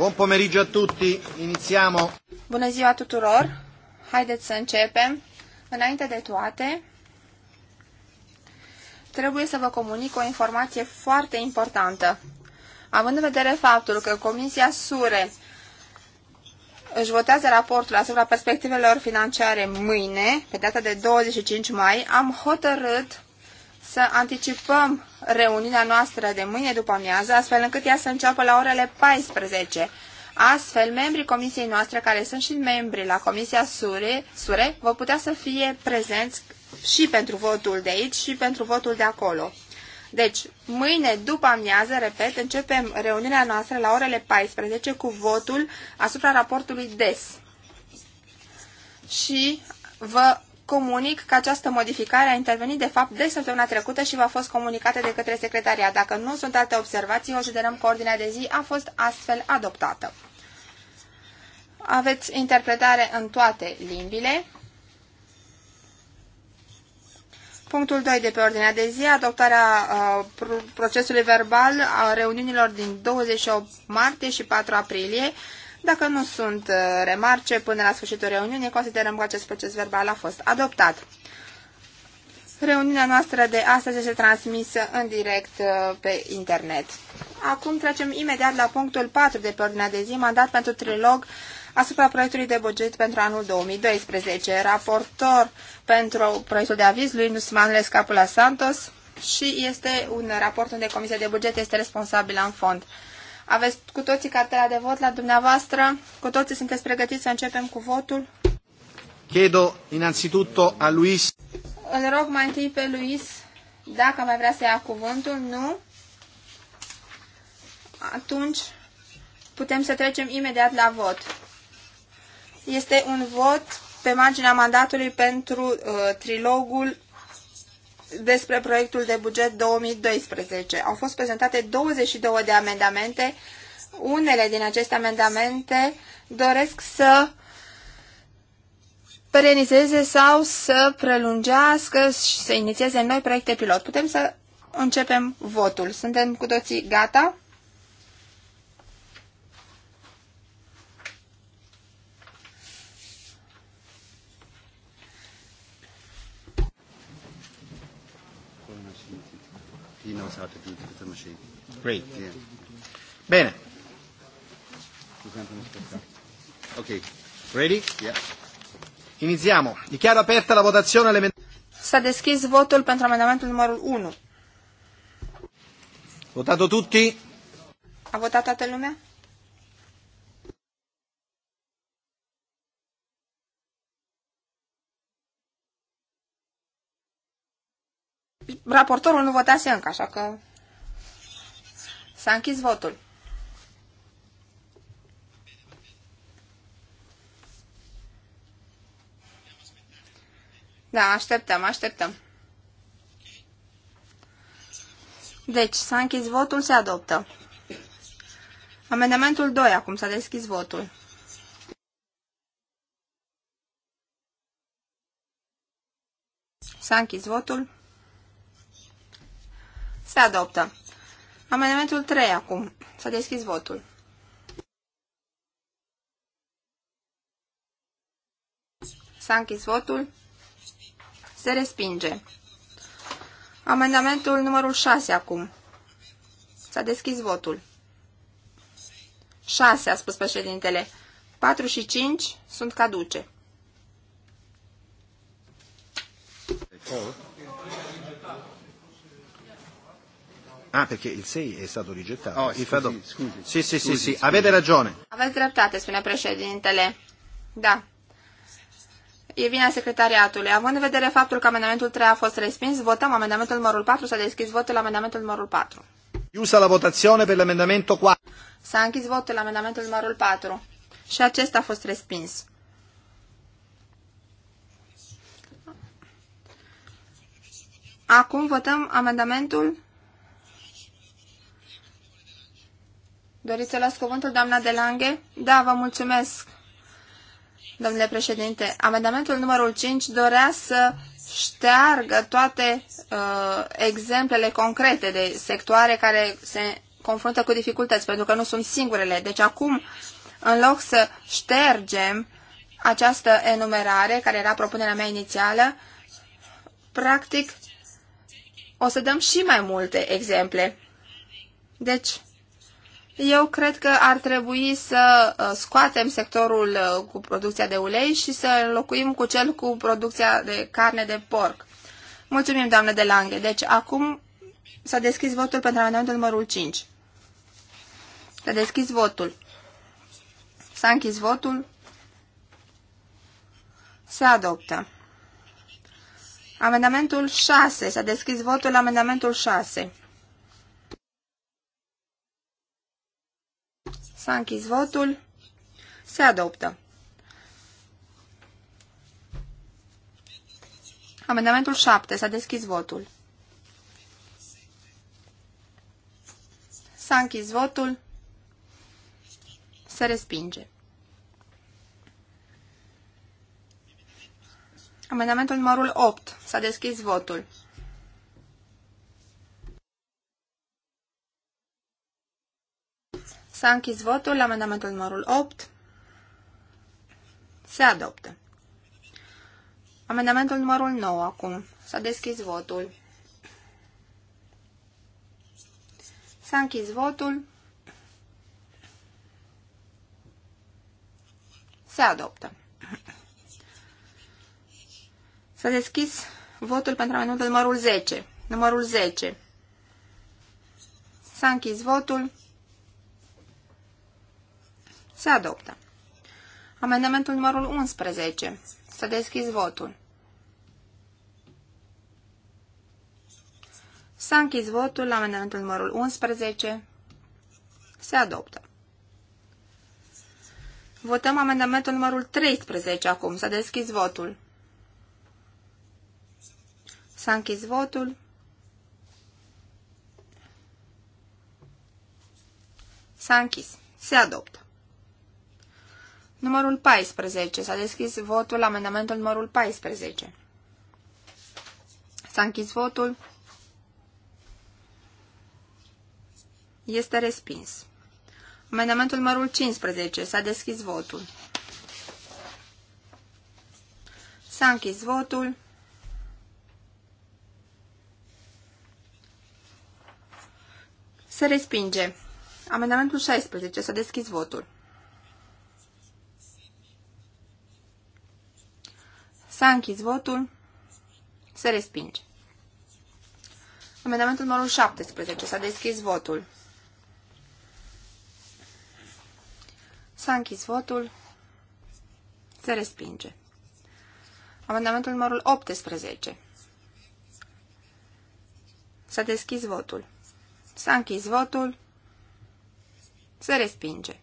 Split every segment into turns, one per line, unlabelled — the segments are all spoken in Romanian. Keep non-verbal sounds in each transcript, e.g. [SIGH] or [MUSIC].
Bun pomeriggio a tutti, iniziamo.
Bună ziua tuturor, haideți să începem. Înainte de toate, trebuie să vă comunic o informație foarte importantă. Având în vedere faptul că Comisia SURE își votează raportul asupra perspectivelor financiare mâine, pe data de 25 mai, am hotărât să anticipăm reuniunea noastră de mâine după amiază, astfel încât ea să înceapă la orele 14. Astfel, membrii comisiei noastre, care sunt și membri la Comisia Sure, Sure vor putea să fie prezenți și pentru votul de aici și pentru votul de acolo. Deci, mâine după amiază, repet, începem reuniunea noastră la orele 14 cu votul asupra raportului DES. Și vă comunic că această modificare a intervenit de fapt de săptămâna trecută și v-a fost comunicată de către secretariat. Dacă nu sunt alte observații, considerăm că ordinea de zi a fost astfel adoptată. Aveți interpretare în toate limbile. Punctul 2 de pe ordinea de zi, adoptarea uh, procesului verbal a reuniunilor din 28 martie și 4 aprilie dacă nu sunt uh, remarce până la sfârșitul reuniunii, considerăm că acest proces verbal a fost adoptat. Reuniunea noastră de astăzi este transmisă în direct uh, pe internet. Acum trecem imediat la punctul 4 de pe ordinea de zi, mandat pentru trilog asupra proiectului de buget pentru anul 2012. Raportor pentru proiectul de aviz lui Nusmanles Capula Santos și este un raport unde Comisia de Buget este responsabilă în fond. Aveți cu toții cartela de vot la dumneavoastră? Cu toții sunteți pregătiți să începem cu votul?
Chiedo innanzitutto a Luis.
Îl rog mai întâi pe Luis dacă mai vrea să ia cuvântul. Nu? Atunci putem să trecem imediat la vot. Este un vot pe marginea mandatului pentru uh, trilogul despre proiectul de buget 2012. Au fost prezentate 22 de amendamente. Unele din aceste amendamente doresc să perenizeze sau să prelungească și să inițieze noi proiecte pilot. Putem să începem votul. Suntem cu toții gata?
knows how to do it with a machine. Great, yeah. Bene. Da. Da. Ok, ready? Yeah. Iniziamo. Dichiaro aperta la votazione all'emendamento.
S-a deschis votul pentru amendamentul numărul 1.
Votato tutti?
A votat toată lumea? Raportorul nu votase încă, așa că s-a închis votul. Da, așteptăm, așteptăm. Deci, s-a închis votul, se adoptă. Amendamentul 2, acum s-a deschis votul. S-a închis votul. Se adoptă. Amendamentul 3 acum. S-a deschis votul. S-a închis votul. Se respinge. Amendamentul numărul 6 acum. S-a deschis votul. 6, a spus președintele. 4 și 5 sunt caduce.
Oh.
Ah, perché il 6 è stato rigettato. Oh, scusi, fatto... scusi, sì, sì, scusi, sì, sì, sì. avete ragione.
trattato dreptate, spune le. Da. E al secretariatului. Având în vedere faptul că amendamentul 3 a fost respins, votăm amendamentul numărul 4. S-a deschis votul amendamentul numărul 4.
Chiusa la votazione per l'amendamento 4.
S-a închis votul amendamentul numărul 4 și acesta a fost respins. Acum votăm amendamentul Doriți să las cuvântul, doamna de Lange? Da, vă mulțumesc, domnule președinte. Amendamentul numărul 5 dorea să șteargă toate uh, exemplele concrete de sectoare care se confruntă cu dificultăți, pentru că nu sunt singurele. Deci acum, în loc să ștergem această enumerare, care era propunerea mea inițială, practic o să dăm și mai multe exemple. Deci, eu cred că ar trebui să uh, scoatem sectorul uh, cu producția de ulei și să înlocuim cu cel cu producția de carne de porc. Mulțumim, doamnă de Lange. Deci, acum s-a deschis votul pentru amendamentul numărul 5. S-a deschis votul. S-a închis votul. Se adoptă. Amendamentul 6. S-a deschis votul amendamentul 6. S-a închis votul. Se adoptă. Amendamentul 7. S-a deschis votul. S-a închis votul. Se respinge. Amendamentul numărul 8. S-a deschis votul. S-a închis votul la amendamentul numărul 8. Se adoptă. Amendamentul numărul 9 acum. S-a deschis votul. S-a închis votul. Se adoptă. S-a deschis votul pentru amendamentul numărul 10. Numărul 10. S-a închis votul. Se adoptă. Amendamentul numărul 11. Să deschizi votul. S-a închis votul la amendamentul numărul 11. Se adoptă. Votăm amendamentul numărul 13 acum. S-a deschis votul. S-a închis votul. S-a închis. Se adoptă. Numărul 14. S-a deschis votul amendamentul numărul 14. S-a închis votul. Este respins. Amendamentul numărul 15. S-a deschis votul. S-a închis votul. Se respinge. Amendamentul 16. S-a deschis votul. S-a închis votul. Se respinge. Amendamentul numărul 17. S-a deschis votul. S-a închis votul. Se respinge. Amendamentul numărul 18. S-a deschis votul. S-a închis votul. Se respinge.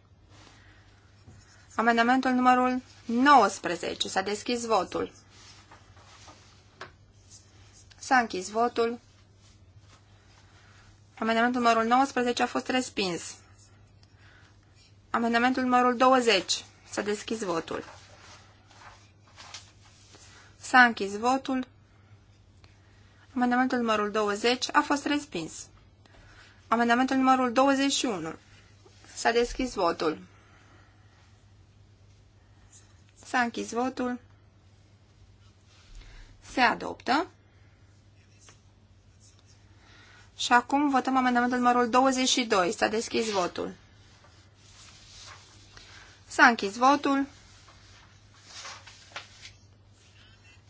Amendamentul numărul 19. S-a deschis votul. S-a închis votul. Amendamentul numărul 19 a fost respins. Amendamentul numărul 20. S-a deschis votul. S-a închis votul. Amendamentul numărul 20 a fost respins. Amendamentul numărul 21. S-a deschis votul. S-a închis votul. Se adoptă. Și acum votăm amendamentul numărul 22. S-a deschis votul. S-a închis votul.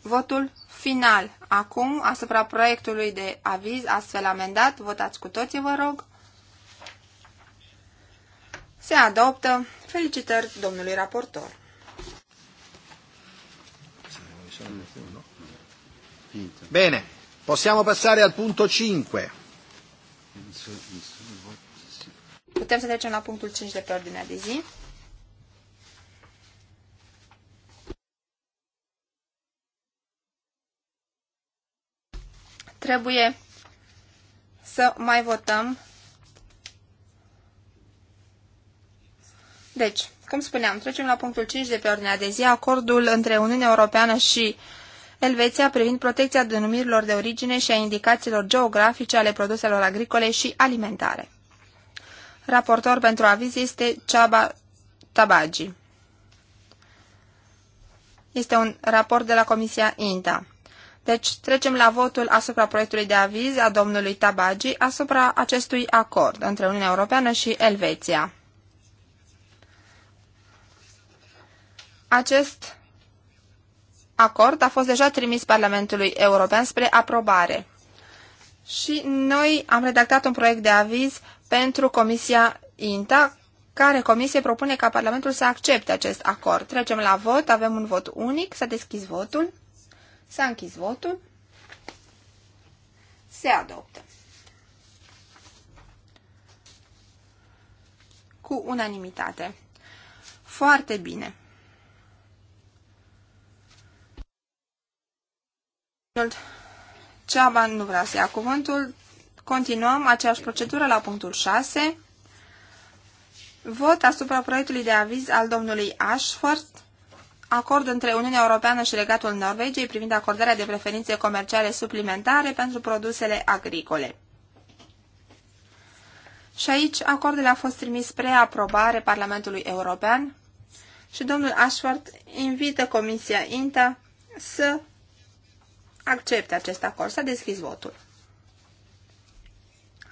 Votul final. Acum, asupra proiectului de aviz, astfel amendat, votați cu toții, vă rog. Se adoptă. Felicitări domnului raportor.
Bine, possiamo passare al punto 5.
Putem să trecem la punctul 5 de pe ordinea de zi. Trebuie să mai votăm. Deci, cum spuneam, trecem la punctul 5 de pe ordinea de zi, acordul între Uniunea Europeană și uh, Elveția privind protecția denumirilor de origine și a indicațiilor geografice ale produselor agricole și alimentare. Raportor pentru aviz este Ceaba Tabagi. Este un raport de la Comisia INTA. Deci trecem la votul asupra proiectului de aviz a domnului Tabagi asupra acestui acord între Uniunea Europeană și Elveția. Acest acord a fost deja trimis Parlamentului European spre aprobare. Și noi am redactat un proiect de aviz pentru Comisia INTA, care comisie propune ca Parlamentul să accepte acest acord. Trecem la vot, avem un vot unic, s-a deschis votul, s-a închis votul, se adoptă. Cu unanimitate. Foarte bine. Ceaba nu vrea să ia cuvântul. Continuăm aceeași procedură la punctul 6. Vot asupra proiectului de aviz al domnului Ashford, acord între Uniunea Europeană și Regatul Norvegiei privind acordarea de preferințe comerciale suplimentare pentru produsele agricole. Și aici acordul a fost trimis spre aprobare Parlamentului European și domnul Ashford invită Comisia INTA să accepte acest acord. S-a deschis votul.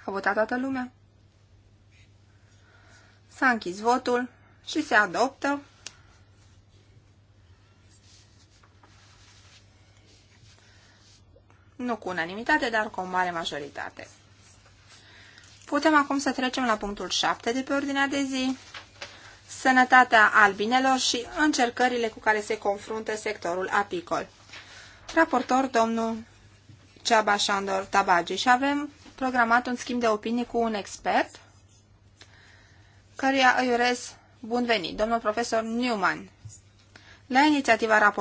A votat toată lumea? S-a închis votul și se adoptă. Nu cu unanimitate, dar cu o mare majoritate. Putem acum să trecem la punctul 7 de pe ordinea de zi, sănătatea albinelor și încercările cu care se confruntă sectorul apicol raportor domnul Ceaba Șandor Tabagi și avem programat un schimb de opinii cu un expert căruia îi urez bun venit, domnul profesor Newman. La inițiativa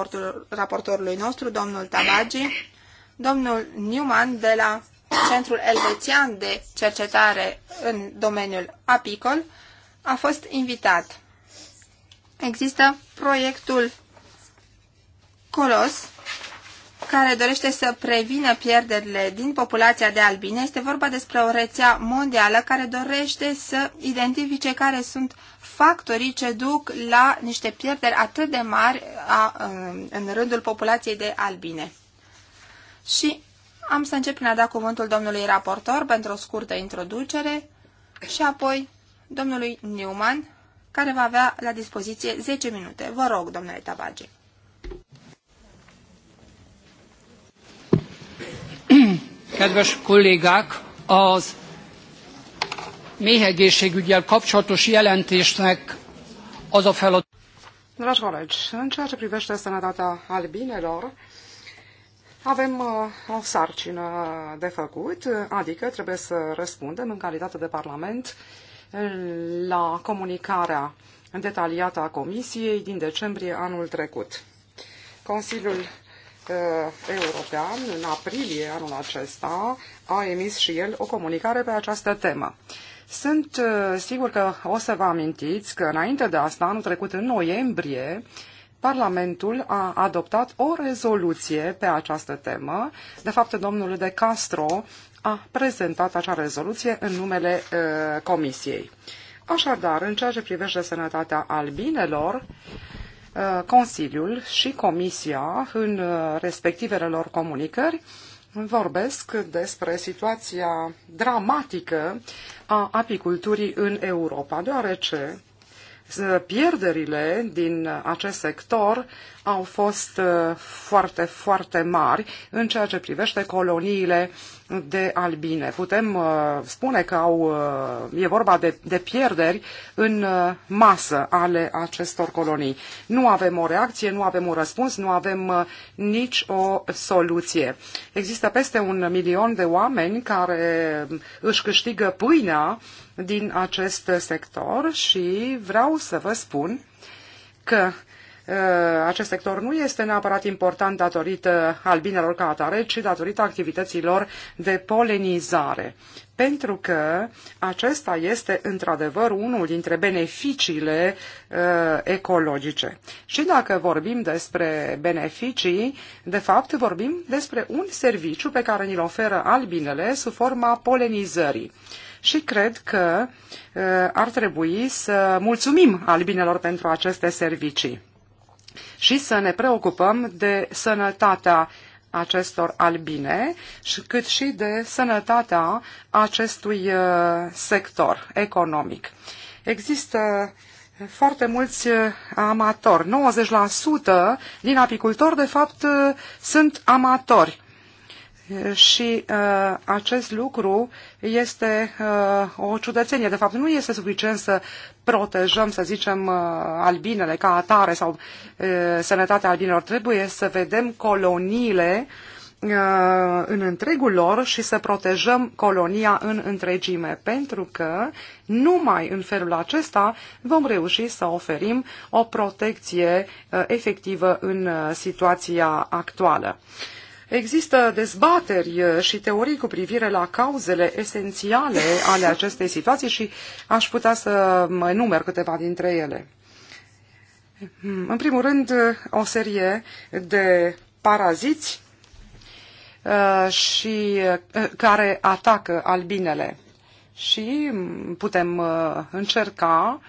raportorului nostru, domnul Tabagi, domnul Newman de la Centrul Elvețian de Cercetare în domeniul apicol a fost invitat. Există proiectul Colos, care dorește să prevină pierderile din populația de albine. Este vorba despre o rețea mondială care dorește să identifice care sunt factorii ce duc la niște pierderi atât de mari a, în rândul populației de albine. Și am să încep prin a da cuvântul domnului raportor pentru o scurtă introducere și apoi domnului Newman, care va avea la dispoziție 10 minute. Vă rog, domnule Tabage.
Kedves kollégák, az méhegészségügyel kapcsolatos jelentésnek az a feladat.
Dragi colegi, în ceea ce privește sănătatea albinelor, avem uh, o sarcină de făcut, adică trebuie să răspundem în calitate de Parlament la comunicarea detaliată a Comisiei din decembrie anul trecut. Consiliul Uh, european, în aprilie anul acesta, a emis și el o comunicare pe această temă. Sunt uh, sigur că o să vă amintiți că înainte de asta, anul trecut, în noiembrie, Parlamentul a adoptat o rezoluție pe această temă. De fapt, domnul De Castro a prezentat acea rezoluție în numele uh, Comisiei. Așadar, în ceea ce privește sănătatea albinelor, uh, Uh, Consiliul și Comisia, în uh, respectivele lor comunicări, vorbesc despre situația dramatică a apiculturii în Europa, deoarece uh, pierderile din acest sector au fost foarte, foarte mari în ceea ce privește coloniile de albine. Putem uh, spune că au, uh, e vorba de, de pierderi în uh, masă ale acestor colonii. Nu avem o reacție, nu avem un răspuns, nu avem uh, nici o soluție. Există peste un milion de oameni care uh, își câștigă pâinea din acest sector și vreau să vă spun că Uh, acest sector nu este neapărat important datorită albinelor ca atare, ci datorită activităților de polenizare. Pentru că acesta este într-adevăr unul dintre beneficiile uh, ecologice. Și dacă vorbim despre beneficii, de fapt vorbim despre un serviciu pe care ni-l oferă albinele sub forma polenizării și cred că uh, ar trebui să mulțumim albinelor pentru aceste servicii și să ne preocupăm de sănătatea acestor albine, cât și de sănătatea acestui uh, sector economic. Există foarte mulți uh, amatori. 90% din apicultori, de fapt, uh, sunt amatori. Și uh, acest lucru este uh, o ciudățenie. De fapt, nu este suficient să protejăm, să zicem, uh, albinele ca atare sau uh, sănătatea albinelor. Trebuie să vedem coloniile uh, în întregul lor și să protejăm colonia în întregime, pentru că numai în felul acesta vom reuși să oferim o protecție uh, efectivă în uh, situația actuală. Există dezbateri uh, și teorii cu privire la cauzele esențiale ale acestei situații și aș putea să mă enumer câteva dintre ele. Mm, în primul rând, uh, o serie de paraziți uh, și care atacă albinele și mm, putem încerca uh,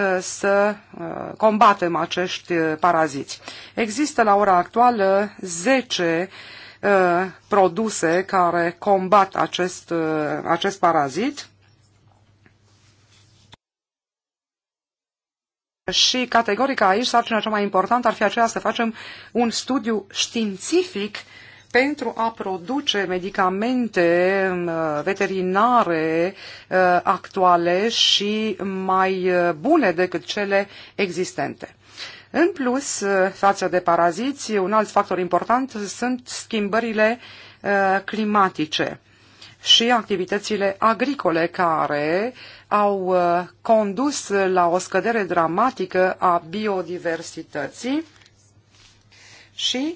Uh, să uh, combatem acești uh, paraziți. Există la ora actuală 10 produse care combat acest, acest parazit și categoric aici sarcina cea mai importantă ar fi aceea să facem un studiu științific uh, pentru a produce medicamente uh, veterinare uh, actuale și mai uh, bune decât cele existente. În plus, față de paraziți, un alt factor important sunt schimbările climatice și activitățile agricole care au condus la o scădere dramatică a biodiversității și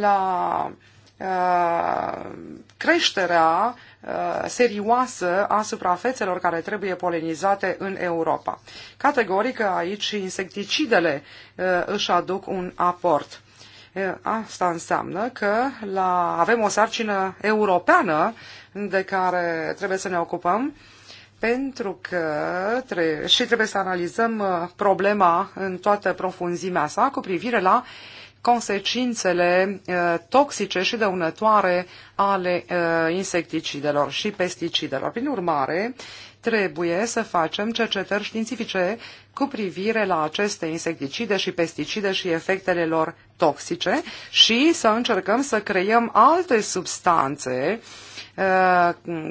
la uh, creșterea uh, serioasă a suprafețelor care trebuie polenizate în Europa. Categoric aici insecticidele uh, își aduc un aport. Asta înseamnă că la, avem o sarcină europeană de care trebuie să ne ocupăm pentru că tre- și trebuie să analizăm problema în toată profunzimea sa cu privire la uh, consecințele uh, toxice și dăunătoare ale uh, insecticidelor și pesticidelor. Prin urmare, trebuie să facem cercetări științifice cu privire la aceste insecticide și pesticide și efectele lor toxice și să încercăm să creăm alte substanțe uh,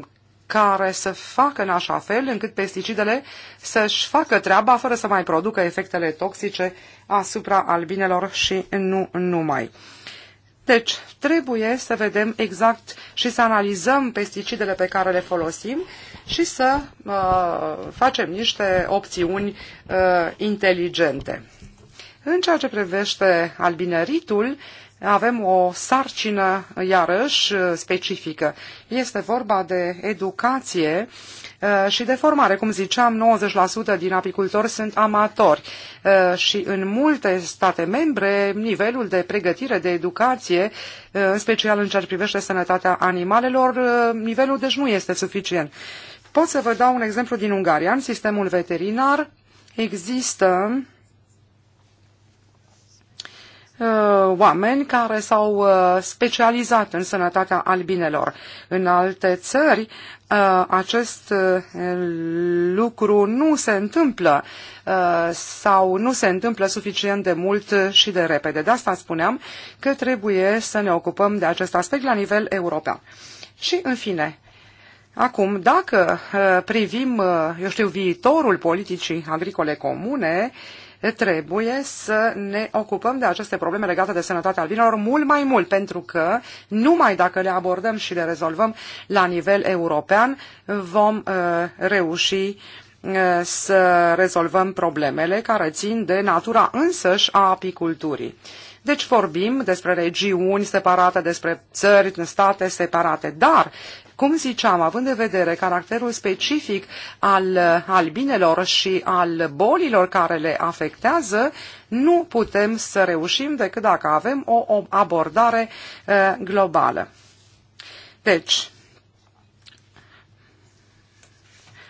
care să facă în așa fel încât pesticidele să-și facă treaba fără să mai producă efectele toxice asupra albinelor și nu numai. Deci, trebuie să vedem exact și să analizăm pesticidele pe care le folosim și să uh, facem niște opțiuni uh, inteligente. În ceea ce privește albineritul, uh, avem o sarcină, iarăși, specifică. Este vorba de educație uh, și de formare. Cum ziceam, 90% din apicultori sunt amatori uh, și în multe state membre nivelul de pregătire, de educație, uh, în special în ceea ce privește sănătatea animalelor, nivelul deci nu este suficient. Pot să vă dau un exemplu din Ungaria. În sistemul veterinar există Uh, oameni care s-au uh, specializat în sănătatea albinelor. În alte țări uh, acest lucru nu se întâmplă sau nu se întâmplă suficient de mult și de repede. De asta spuneam că trebuie să ne ocupăm de acest aspect la nivel european. Și în fine, Acum, dacă privim, eu știu, viitorul politicii agricole comune, uh, trebuie să ne ocupăm de aceste probleme legate de sănătatea albinelor mult mai mult, pentru că numai dacă le abordăm și le rezolvăm la nivel european, vom uh, reuși uh, să rezolvăm problemele care țin de natura însăși a apiculturii. Deci vorbim despre regiuni separate, despre țări, state separate, dar cum ziceam, având în vedere caracterul specific al albinelor și al bolilor care le afectează, nu putem să reușim decât dacă avem o abordare eh, globală. Deci,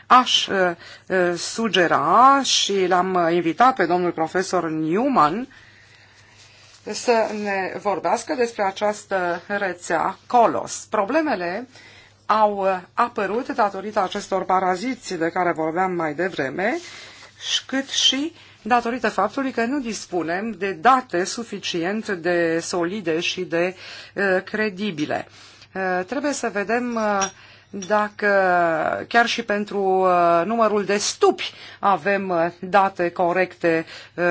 aș eh, eh, sugera și l-am invitat pe domnul profesor Newman să ne vorbească despre această rețea Colos. Problemele au apărut datorită acestor paraziți de care vorbeam mai devreme, cât și datorită faptului că nu dispunem de date suficient de solide și de uh, credibile. Uh, trebuie să vedem uh, dacă chiar și pentru numărul de stupi avem date corecte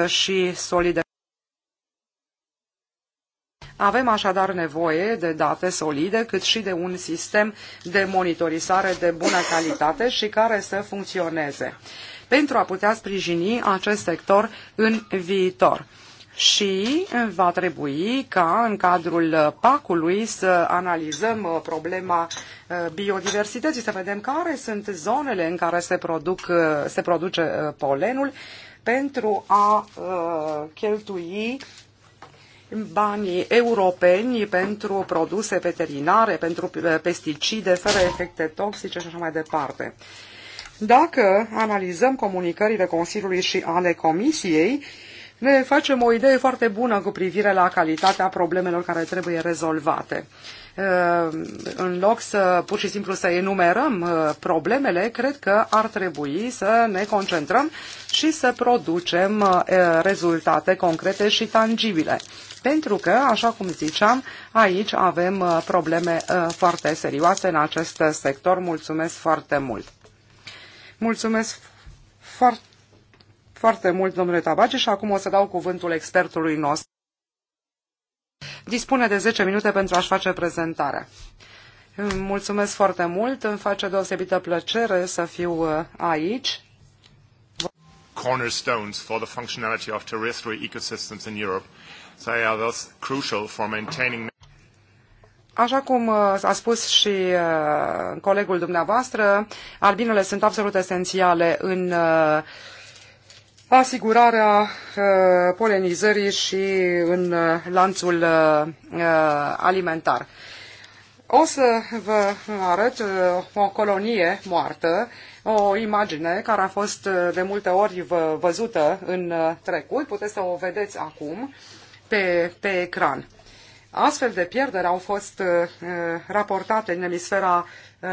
și solide. Avem așadar nevoie de date solide, cât și de un sistem de monitorizare de bună calitate și care să funcționeze pentru a putea sprijini acest sector în viitor. Și va trebui ca în cadrul PAC-ului să analizăm uh, problema uh, biodiversității, să vedem care sunt zonele în care se, produc, uh, se produce polenul pentru a cheltui banii europeni pentru produse veterinare, pentru pesticide, fără efecte toxice și așa mai departe. Dacă analizăm comunicările Consiliului și ale Comisiei, uh, ne facem o idee foarte bună cu privire la calitatea problemelor care trebuie rezolvate. Ehm, în loc să pur și simplu să enumerăm ehm, problemele, cred că ar trebui să ne concentrăm și să producem ehm, rezultate concrete și tangibile. Pentru că, așa cum ziceam, aici avem probleme foarte serioase în acest sector. Mulțumesc foarte mult! Mulțumesc foarte foarte mult, domnule Tabace, și acum o să dau cuvântul expertului nostru. Dispune de 10 minute pentru a-și face prezentarea. Mulțumesc foarte mult, îmi face deosebită plăcere să fiu uh, aici.
Cornerstones for the functionality of terrestrial ecosystems in Europe. They are thus crucial for maintaining
Așa cum uh, a spus și uh, colegul dumneavoastră, albinele sunt absolut esențiale în asigurarea uh, polenizării și în uh, lanțul uh, alimentar. O să vă arăt o colonie moartă, o imagine care a fost de multe ori văzută în trecut, puteți să o vedeți acum pe, pe ecran. Astfel de pierderi au fost uh, raportate în emisfera uh,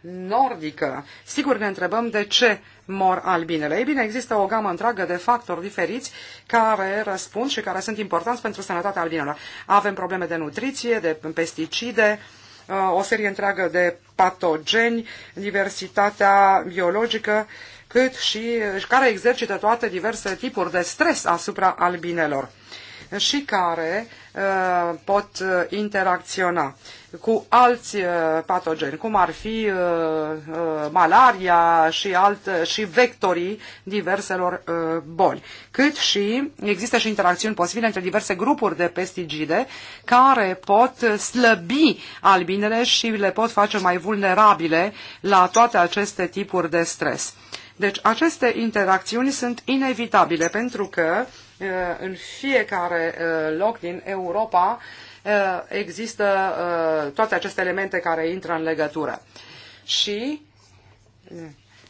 nordică. Sigur ne întrebăm de ce mor albinele. Ei bine, există o gamă întreagă de factori diferiți care răspund și care sunt importanți pentru sănătatea albinelor. Avem probleme de nutriție, de pesticide, uh, o serie întreagă de patogeni, diversitatea biologică, cât și care exercită toate diverse tipuri de stres asupra albinelor și care uh, pot uh, interacționa cu alți uh, patogeni, cum ar fi uh, uh, malaria și, alt, și vectorii diverselor boli, cât și există și interacțiuni posibile între diverse grupuri de pesticide care pot slăbi albinele și le pot face mai vulnerabile la toate aceste tipuri de stres. Deci aceste interacțiuni sunt inevitabile pentru că în fiecare loc din Europa Eh, există eh, toate aceste elemente care intră în legătură. Și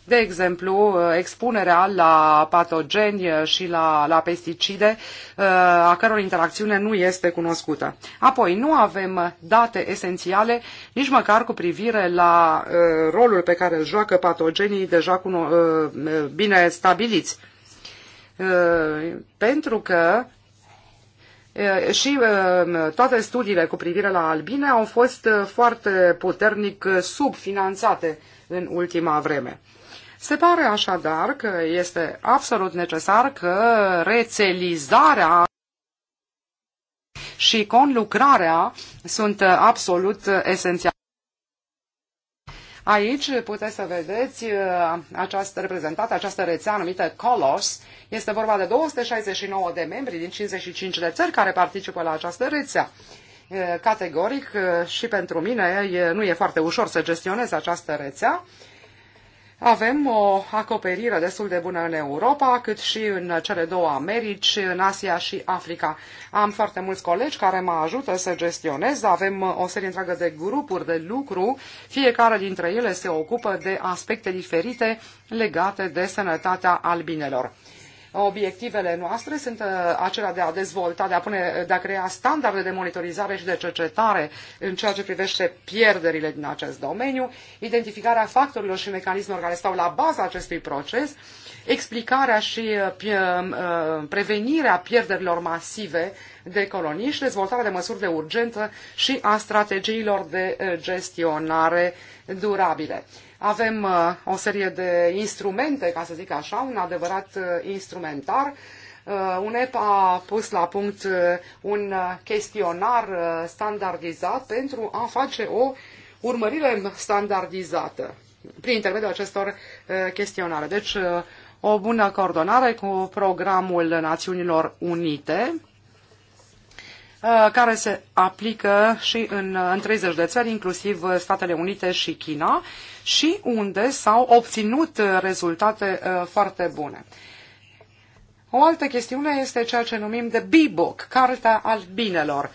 de exemplu, eh, expunerea la patogeni și la, la pesticide, a căror interacțiune nu este cunoscută. Apoi, nu avem date esențiale nici măcar cu privire la rolul pe care îl joacă patogenii deja bine stabiliți. Pentru că și toate studiile cu privire la albine au fost foarte puternic subfinanțate în ultima vreme. Se pare așadar că este absolut necesar că rețelizarea și conlucrarea sunt absolut esențiale. Aici puteți să vedeți uh, această, reprezentată această rețea numită COLOS. Este vorba de 269 de membri din 55 de țări care participă la această rețea. Uh, categoric uh, și pentru mine nu e foarte ușor să gestionez această rețea, avem o acoperire destul de bună în Europa, cât și în cele două Americi, în Asia și Africa. Am foarte mulți colegi care mă ajută să gestionez, avem o serie întreagă de grupuri de lucru, fiecare dintre ele se ocupă de aspecte diferite legate de sănătatea albinelor. Obiectivele noastre sunt uh, acelea de a dezvolta, de a, pune, de a crea standarde de monitorizare și de cercetare în ceea ce privește pierderile din acest domeniu, identificarea factorilor și mecanismelor care stau la baza acestui proces, explicarea și uh, uh, prevenirea pierderilor masive de colonii și dezvoltarea de măsuri de urgență și a strategiilor de gestionare durabile. Avem uh, o serie de instrumente, ca să zic așa, un adevărat uh, instrumentar. Uh, UNEP a pus la punct un chestionar standardizat pentru a face o urmărire standardizată prin intermediul acestor chestionare. Deci, o bună coordonare cu programul Națiunilor Unite Uh, care se aplică și în, uh, în 30 de țări, inclusiv uh, Statele Unite și China, și unde s-au obținut rezultate foarte bune. O altă chestiune este ceea ce numim de book", Cartea Albinelor,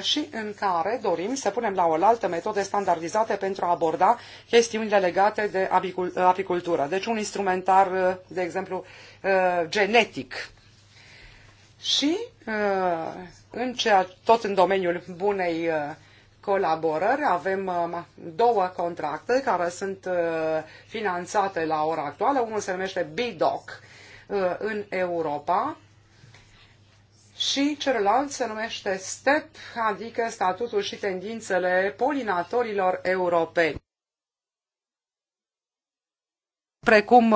și în care dorim să punem la oaltă metode standardizate pentru a aborda chestiunile legate de apicultură. Deci un instrumentar, de exemplu, genetic. Și în ceea, tot în domeniul bunei uh, colaborări avem uh, două contracte care sunt uh, finanțate la ora actuală. Unul se numește BIDOC în Europa și celălalt se numește STEP, adică statutul și tendințele polinatorilor europeni precum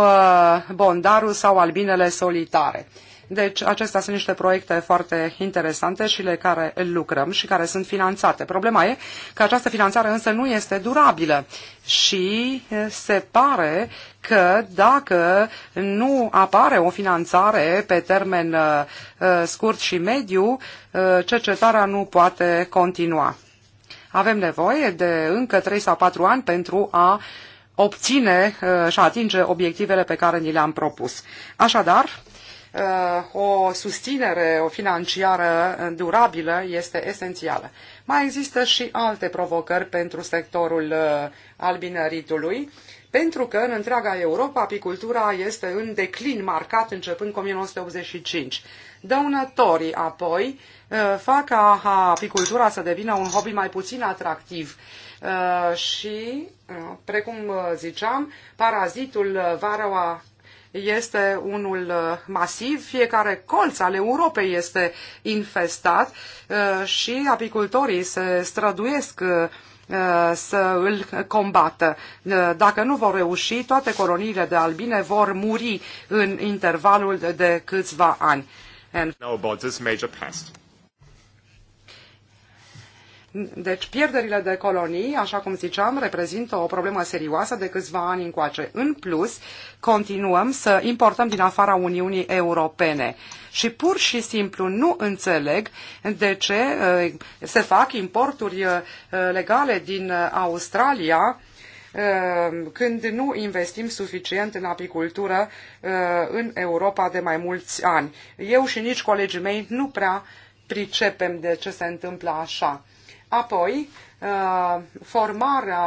bondarul sau albinele solitare. Deci acestea sunt niște proiecte foarte interesante și le care lucrăm și care sunt finanțate. Problema e că această finanțare însă nu este durabilă și se pare că dacă nu apare o finanțare pe termen scurt și mediu, cercetarea nu poate continua. Avem nevoie de încă 3 sau 4 ani pentru a obține și a atinge obiectivele pe care ni le-am propus. Așadar, Uh, o susținere o financiară durabilă este esențială. Mai există și alte provocări pentru sectorul uh, albinăritului, pentru că în întreaga Europa apicultura este în declin marcat începând cu 1985. Dăunătorii apoi uh, fac ca apicultura să devină un hobby mai puțin atractiv și, precum ziceam, parazitul varroa este unul uh, masiv, fiecare colț al Europei este infestat uh, și apicultorii se străduiesc uh, să îl combată. Dacă nu vor reuși, toate coloniile de albine vor muri în intervalul de câțiva ani. And... Deci pierderile de colonii, așa cum ziceam, reprezintă o problemă serioasă de câțiva ani încoace. În plus, continuăm să importăm din afara Uniunii Europene. Și pur și simplu nu înțeleg de ce eh, se fac importuri eh, legale din eh, Australia când nu investim suficient în apicultură în Europa de mai mulți ani. Eu și nici colegii mei nu prea pricepem de ce se întâmplă așa. Apoi, uh, formarea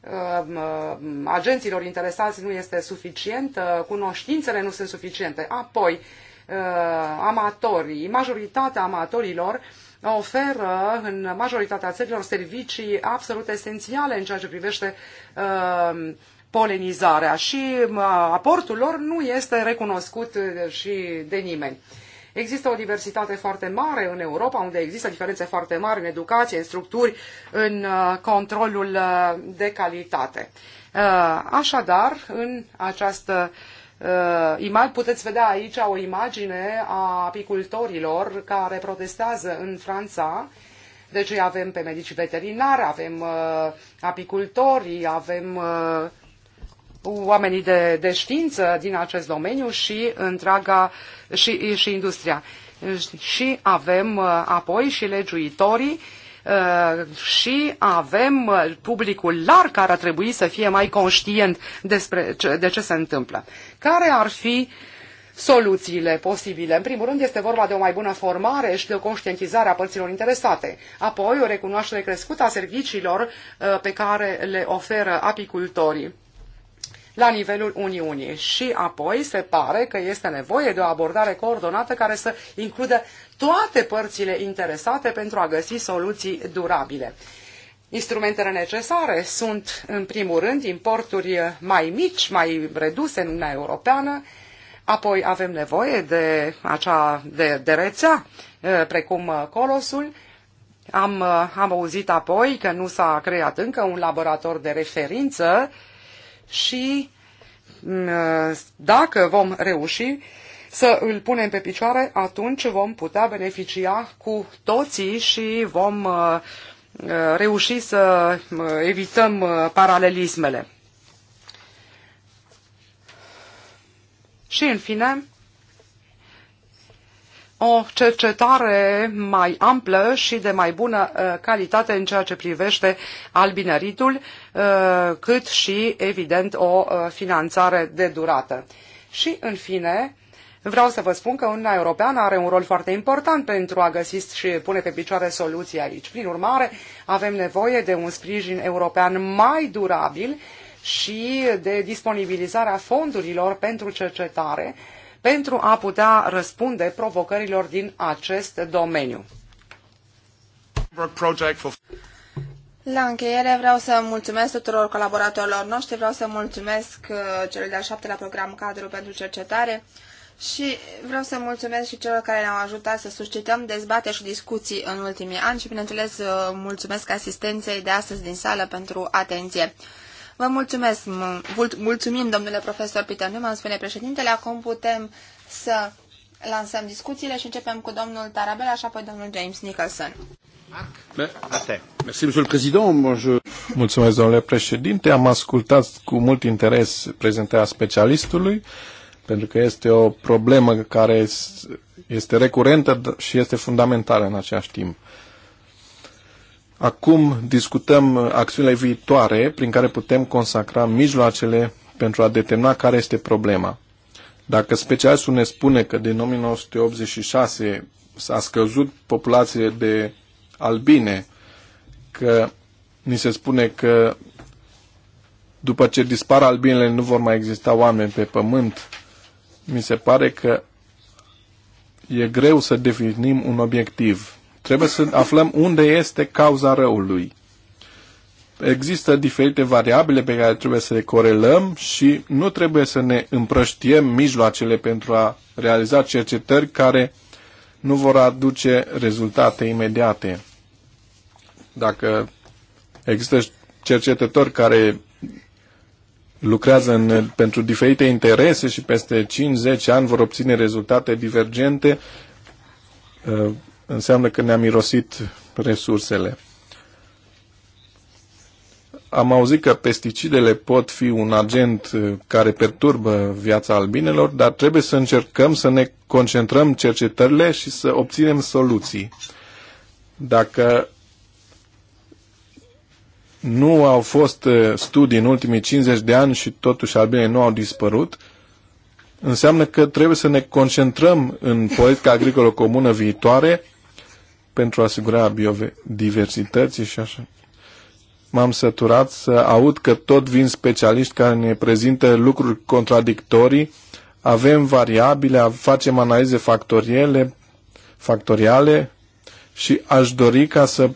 uh, agenților interesați nu este suficientă, uh, cunoștințele nu sunt suficiente. Apoi, amatorii, majoritatea amatorilor oferă în majoritatea țărilor servicii absolut esențiale în ceea ce privește polenizarea și aportul lor nu este recunoscut și de nimeni. Există o diversitate foarte mare în Europa, unde există diferențe foarte mari în educație, în structuri, în uh, controlul uh, de calitate. Uh, așadar, în această imagine, puteți vedea aici o imagine a apicultorilor care protestează în Franța deci îi avem pe medici veterinari, avem uh, apicultorii, avem oamenii de, de știință din acest domeniu și întreaga și, și industria. Și avem uh, apoi și legiuitorii uh, și avem uh, publicul larg care ar trebui să fie mai conștient despre ce, de ce se întâmplă. Care ar fi soluțiile posibile. În primul rând este vorba de o mai bună formare și de o conștientizare a părților interesate, apoi o recunoaștere crescută a serviciilor pe care le oferă apicultorii la nivelul Uniunii. Și apoi se pare că este nevoie de o abordare coordonată care să includă toate părțile interesate pentru a găsi soluții durabile. Instrumentele necesare sunt, în primul rând, importuri mai mici, mai reduse în Uniunea Europeană, apoi avem nevoie de, acea, de, de rețea, eh, precum eh, Colosul. Am, eh, am auzit apoi că nu s-a creat încă un laborator de referință uh, și mm, ă, dacă vom reuși să îl punem pe picioare, atunci vom putea beneficia cu toții și vom ă, ă, reuși să evităm paralelismele. Și în fine, o cercetare mai amplă și de mai bună uh, calitate în ceea ce privește albinăritul, uh, cât și, evident, o uh, finanțare de durată. Și, în fine, vreau să vă spun că Uniunea Europeană are un rol foarte important pentru a găsi și pune pe picioare soluții aici. Prin urmare, avem nevoie de un sprijin european mai durabil și de disponibilizarea fondurilor pentru cercetare, pentru a putea răspunde provocărilor din acest domeniu.
La încheiere vreau să mulțumesc tuturor colaboratorilor noștri, vreau să mulțumesc uh, celor de-al șaptelea program cadru pentru cercetare și vreau să mulțumesc și celor care ne-au ajutat să suscităm dezbateri și discuții în ultimii ani și, bineînțeles, uh, mulțumesc asistenței de astăzi din sală pentru atenție. Vă mulțumesc, mulțumim, domnule profesor Peter Newman, spune președintele. Acum putem să lansăm discuțiile și începem cu domnul Tarabel, și apoi domnul James Nicholson.
Mulțumesc, domnule președinte. Am ascultat cu mult interes prezentarea specialistului, pentru că este o problemă care este recurentă și este fundamentală în același timp. Acum discutăm acțiunile viitoare prin care putem consacra mijloacele pentru a determina care este problema. Dacă specialistul ne spune că din 1986 s-a scăzut populație de albine, că ni se spune că după ce dispar albinele nu vor mai exista oameni pe pământ, mi se pare că e greu să definim un obiectiv Trebuie să aflăm unde este cauza răului. Există diferite variabile pe care trebuie să le corelăm și nu trebuie să ne împrăștiem mijloacele pentru a realiza cercetări care nu vor aduce rezultate imediate. Dacă există cercetători care lucrează în, pentru diferite interese și peste 5-10 ani vor obține rezultate divergente, înseamnă că ne-am irosit resursele. Am auzit că pesticidele pot fi un agent uh, care perturbă viața albinelor, dar trebuie să încercăm să ne concentrăm cercetările și să obținem soluții. Dacă nu au fost uh, studii în ultimii 50 de ani și totuși albinele nu au dispărut, înseamnă că trebuie să ne concentrăm în politica agricolă comună viitoare pentru asigurarea biodiversității și așa. M-am săturat să aud că tot vin specialiști care ne prezintă lucruri contradictorii. Avem variabile, facem analize factoriale, factoriale și aș dori ca să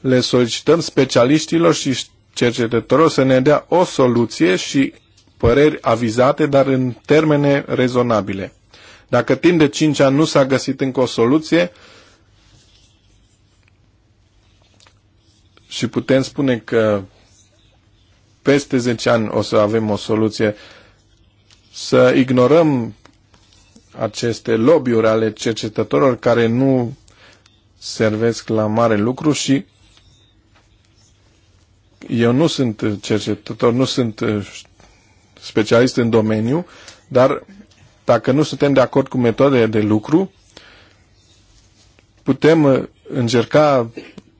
le solicităm specialiștilor și cercetătorilor să ne dea o soluție și păreri avizate, dar în termene rezonabile. Dacă timp de 5 ani nu s-a găsit încă o soluție și putem spune că peste 10 ani o să avem o soluție, să ignorăm aceste lobby-uri ale cercetătorilor care nu servesc la mare lucru și eu nu sunt cercetător, nu sunt uh, specialist în domeniu, dar dacă nu suntem de acord cu metodele de lucru, putem uh, încerca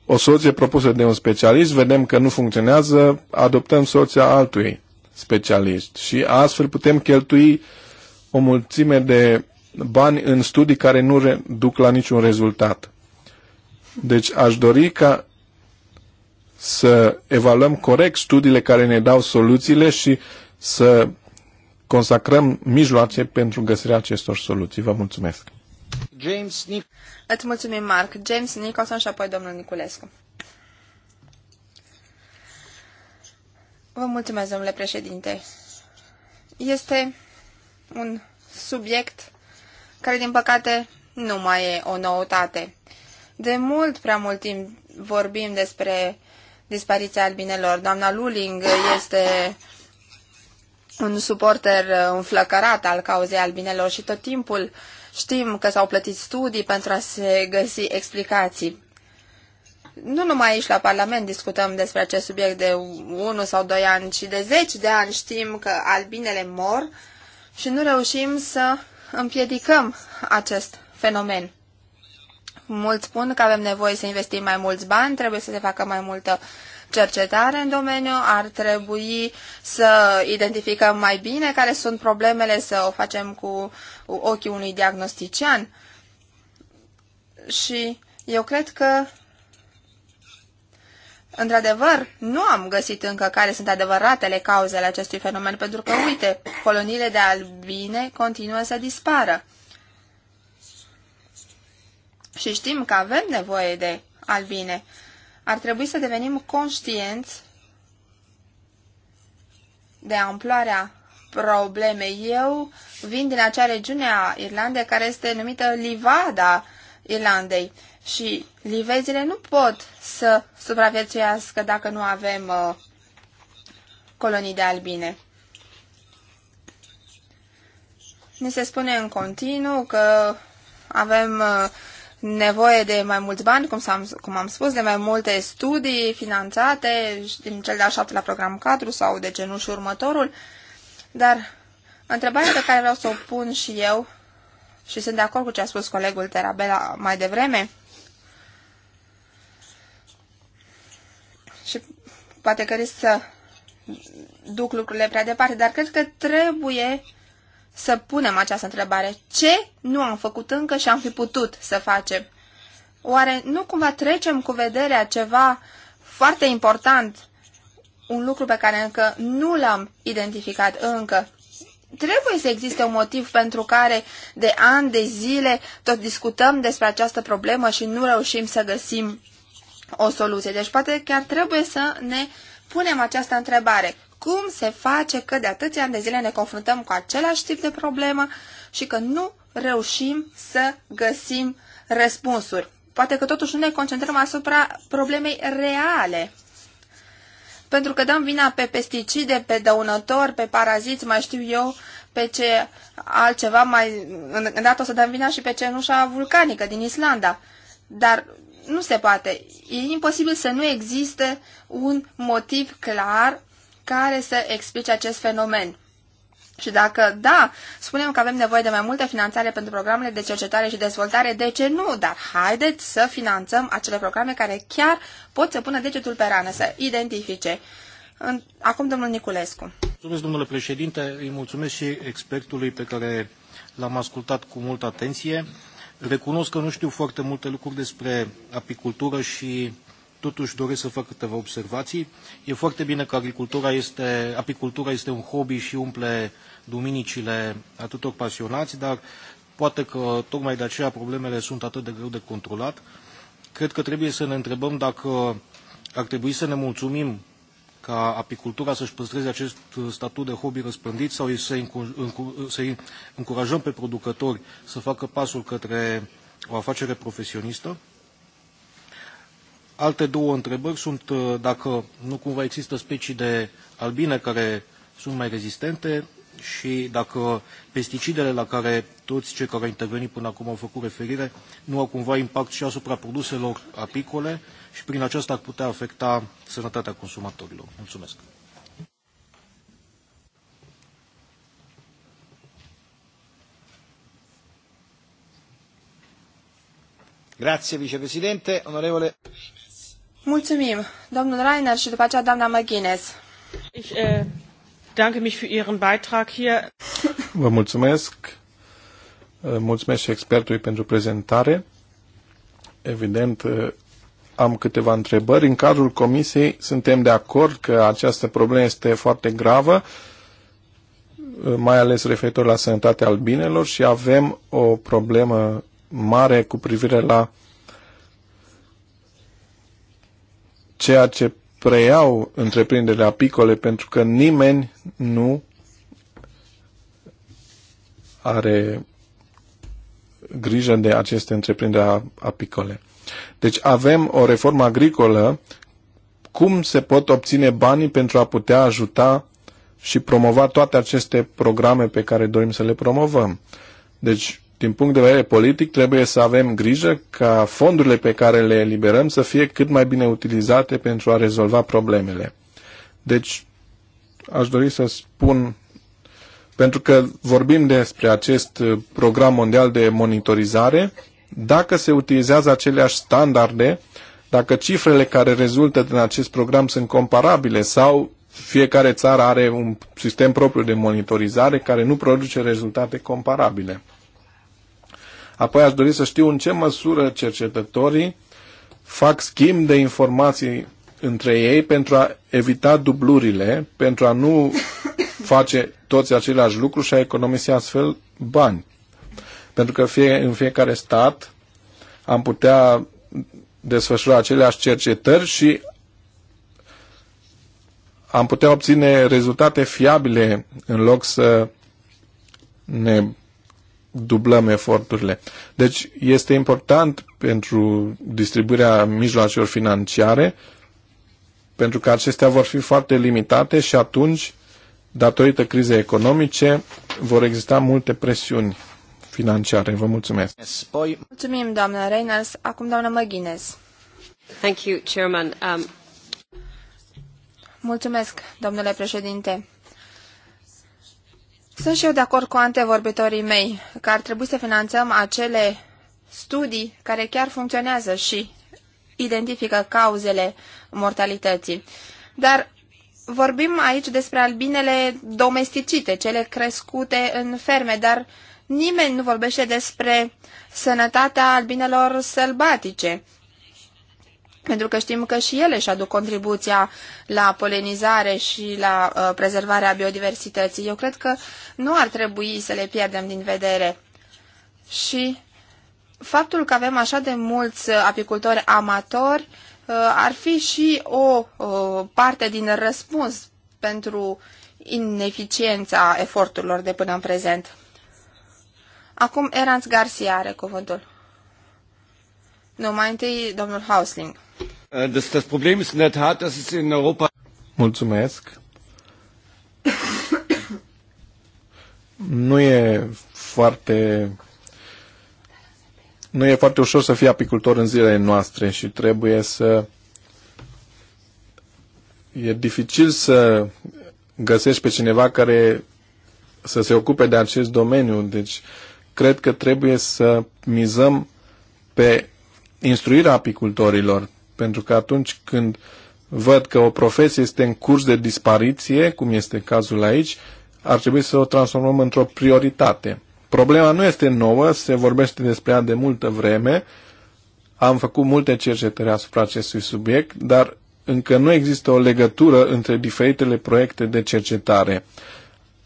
o soluție propusă de un specialist, vedem că nu funcționează, adoptăm soluția altui specialist și astfel putem cheltui o mulțime de bani în studii care nu duc la niciun rezultat. Deci aș dori ca să evaluăm corect studiile care ne dau soluțiile și să consacrăm mijloace pentru găsirea acestor soluții. Vă mulțumesc!
James Nic- Îți mulțumim, Mark. James Nicholson și apoi domnul Niculescu. Vă mulțumesc, domnule președinte. Este un subiect care, din păcate, nu mai e o noutate. De mult prea mult timp vorbim despre dispariția albinelor. Doamna Luling este un suporter înflăcărat uh, al cauzei albinelor și tot timpul știm că s-au plătit studii pentru a se găsi explicații. Nu numai aici la Parlament discutăm despre acest subiect de unu sau doi ani, ci de zeci de ani știm că albinele mor și nu reușim să împiedicăm acest fenomen. Mulți spun că avem nevoie să investim mai mulți bani, trebuie să se facă mai multă uh, cercetare în domeniu, ar trebui să identificăm mai bine care sunt problemele, să o facem cu ochii unui diagnostician. Și eu cred că, într-adevăr, nu am găsit încă care sunt adevăratele ale acestui fenomen, pentru că, uite, coloniile de albine continuă să dispară. Și știm că avem nevoie de albine ar trebui să devenim conștienți de amploarea problemei. Eu vin din acea regiune a Irlandei care este numită Livada Irlandei și livezile nu pot să supraviețuiască dacă nu avem uh, colonii de albine. Ne se spune în continuu că avem uh, nevoie de mai mulți bani, cum, am cum am spus, de mai multe studii finanțate din cel de-al șaptelea program 4 sau de ce nu și următorul. Dar întrebarea pe care vreau să o pun și eu, și sunt de acord cu ce a spus colegul Terabela mai devreme, și poate că să duc lucrurile prea departe, dar cred că trebuie să punem această întrebare. Ce nu am făcut încă și am fi putut să facem? Oare nu cumva trecem cu vederea ceva foarte important, un lucru pe care încă nu l-am identificat încă? Trebuie să existe un motiv pentru care de ani de zile tot discutăm despre această problemă și nu reușim să găsim o soluție. Deci poate chiar trebuie să ne punem această întrebare cum se face că de atâția ani de zile ne confruntăm cu același tip de problemă și că nu reușim să găsim răspunsuri. Poate că totuși nu ne concentrăm asupra problemei reale. Pentru că dăm vina pe pesticide, pe dăunători, pe paraziți, mai știu eu, pe ce altceva mai... dată o să dăm vina și pe cenușa vulcanică din Islanda. Dar nu se poate. E imposibil să nu existe un motiv clar care să explice acest fenomen. Și dacă da, spunem că avem nevoie de mai multă finanțare pentru programele de cercetare și dezvoltare, de ce nu? Dar haideți să finanțăm acele programe care chiar pot să pună degetul pe rană, să identifice. Acum domnul Niculescu.
Mulțumesc, domnule președinte, îi mulțumesc și expertului pe care l-am ascultat cu multă atenție. Recunosc că nu știu foarte multe lucruri despre apicultură și totuși doresc să fac câteva observații. E foarte bine că agricultura este, apicultura este un hobby și umple duminicile a tuturor pasionați, dar poate că tocmai de aceea problemele sunt atât de greu de controlat. Cred că trebuie să ne întrebăm dacă ar trebui să ne mulțumim ca apicultura să-și păstreze acest statut de hobby răspândit sau să-i încurajăm pe producători să facă pasul către o afacere profesionistă. Alte două întrebări sunt uh, dacă nu cumva există specii de albine care sunt mai rezistente și dacă pesticidele la care toți cei care au intervenit până acum au făcut referire nu au cumva impact și asupra produselor apicole și prin aceasta ar putea afecta sănătatea consumatorilor. Mulțumesc!
Grazie vicepresidente,
onorevole
Mulțumim, domnul Rainer și după aceea doamna McGuinness.
Ich, uh, danke mich für Ihren Beitrag hier.
[LAUGHS] Vă mulțumesc. Äh, mulțumesc și expertului pentru prezentare. Evident, äh, am câteva întrebări. În cadrul comisiei suntem de acord că această problemă este foarte gravă, mai ales referitor la sănătatea albinelor și avem o problemă mare cu privire la ceea ce preiau întreprinderile apicole pentru că nimeni nu are grijă de aceste întreprinderi apicole. Deci avem o reformă agricolă, cum se pot obține banii pentru a putea ajuta și promova toate aceste programe pe care dorim să le promovăm. Deci din punct de vedere politic, trebuie să avem grijă ca fondurile pe care le eliberăm să fie cât mai bine utilizate pentru a rezolva problemele. Deci, aș dori să spun, pentru că vorbim despre acest uh, program mondial de monitorizare, dacă se utilizează aceleași standarde, dacă cifrele care rezultă din acest program sunt comparabile sau fiecare țară are un sistem propriu de monitorizare care nu produce rezultate comparabile. Apoi aș dori să știu în ce măsură cercetătorii fac schimb de informații între ei pentru a evita dublurile, pentru a nu face toți același lucru și a economisi astfel bani. Pentru că fie, în fiecare stat am putea desfășura aceleași cercetări și am putea obține rezultate fiabile în loc să ne dublăm eforturile. Deci este important pentru distribuirea mijloacelor financiare, pentru că acestea vor fi foarte limitate și atunci, datorită crizei economice, vor exista multe presiuni financiare. Vă mulțumesc.
Mulțumim, doamna Reynolds. Acum, doamna McGuinness.
Thank you, Chairman. Um...
Mulțumesc, domnule președinte. Sunt și eu de acord cu antevorbitorii mei că ar trebui să finanțăm acele studii care chiar funcționează și identifică cauzele mortalității. Dar vorbim aici despre albinele domesticite, cele crescute în ferme, dar nimeni nu vorbește despre sănătatea albinelor sălbatice, pentru că știm că și ele își aduc contribuția la polenizare și la uh, prezervarea biodiversității. Eu cred că nu ar trebui să le pierdem din vedere. Și faptul că avem așa de mulți uh, apicultori amatori uh, ar fi și o uh, parte din răspuns pentru ineficiența eforturilor de până în prezent. Acum Eranț Garcia are cuvântul. Nu, mai întâi domnul Hausling.
Äh, das, das Problem ist in der Tat, dass es in Europa... Mulțumesc. nu e foarte nu e foarte ușor să fii apicultor în zilele noastre și trebuie să e dificil să găsești pe cineva care să se ocupe de acest domeniu. Deci, cred că trebuie să mizăm pe instruirea apicultorilor. Pentru că atunci când văd că o profesie este în curs de dispariție, cum este cazul aici, ar trebui să o transformăm într-o prioritate. Problema nu este nouă, se vorbește despre ea de multă vreme, am făcut multe cercetări asupra acestui subiect, dar încă nu există o legătură între diferitele proiecte de cercetare.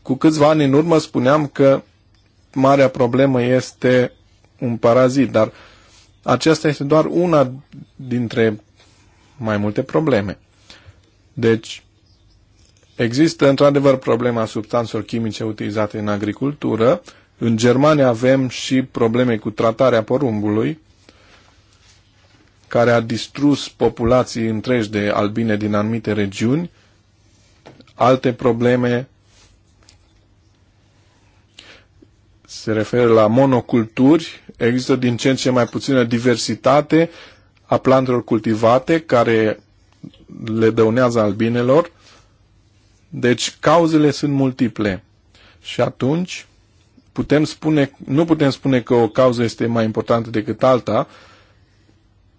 Cu câțiva ani în urmă spuneam că marea problemă este un parazit, dar aceasta este doar una dintre mai multe probleme. Deci, există într-adevăr problema substanțelor chimice utilizate în agricultură. În Germania avem și probleme cu tratarea porumbului, care a distrus populații întregi de albine din anumite regiuni. Alte probleme se referă la monoculturi Există din ce în ce mai puțină diversitate a plantelor cultivate care le dăunează albinelor. Deci cauzele sunt multiple. Și atunci putem spune, nu putem spune că o cauză este mai importantă decât alta.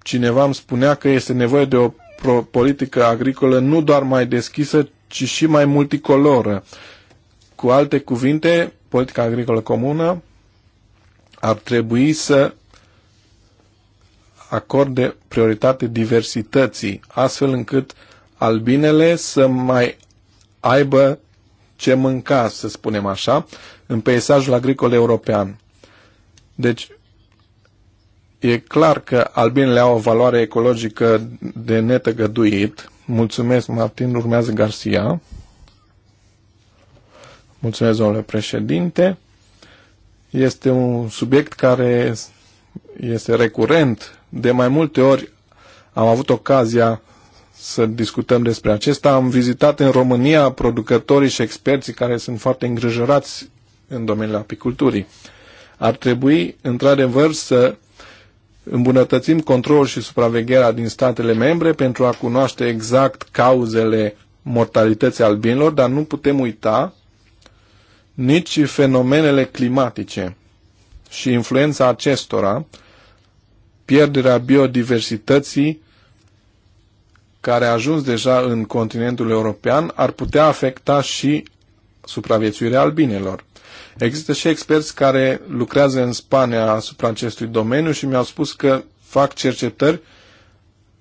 Cineva îmi spunea că este nevoie de o politică agricolă nu doar mai deschisă, ci și mai multicoloră. Cu alte cuvinte, politica agricolă comună ar trebui să acorde prioritate diversității, astfel încât albinele să mai aibă ce mânca, să spunem așa, în peisajul agricol european. Deci, e clar că albinele au o valoare ecologică de netăgăduit. Mulțumesc, Martin. Urmează Garcia. Mulțumesc, domnule președinte. Este un subiect care este recurent. De mai multe ori am avut ocazia să discutăm despre acesta. Am vizitat în România producătorii și experții care sunt foarte îngrijorați în domeniul apiculturii. Ar trebui, într-adevăr, să îmbunătățim controlul și supravegherea din statele membre pentru a cunoaște exact cauzele mortalității albinilor, dar nu putem uita nici fenomenele climatice și influența acestora, pierderea biodiversității care a ajuns deja în continentul european ar putea afecta și supraviețuirea albinelor. Există și experți care lucrează în Spania asupra acestui domeniu și mi-au spus că fac cercetări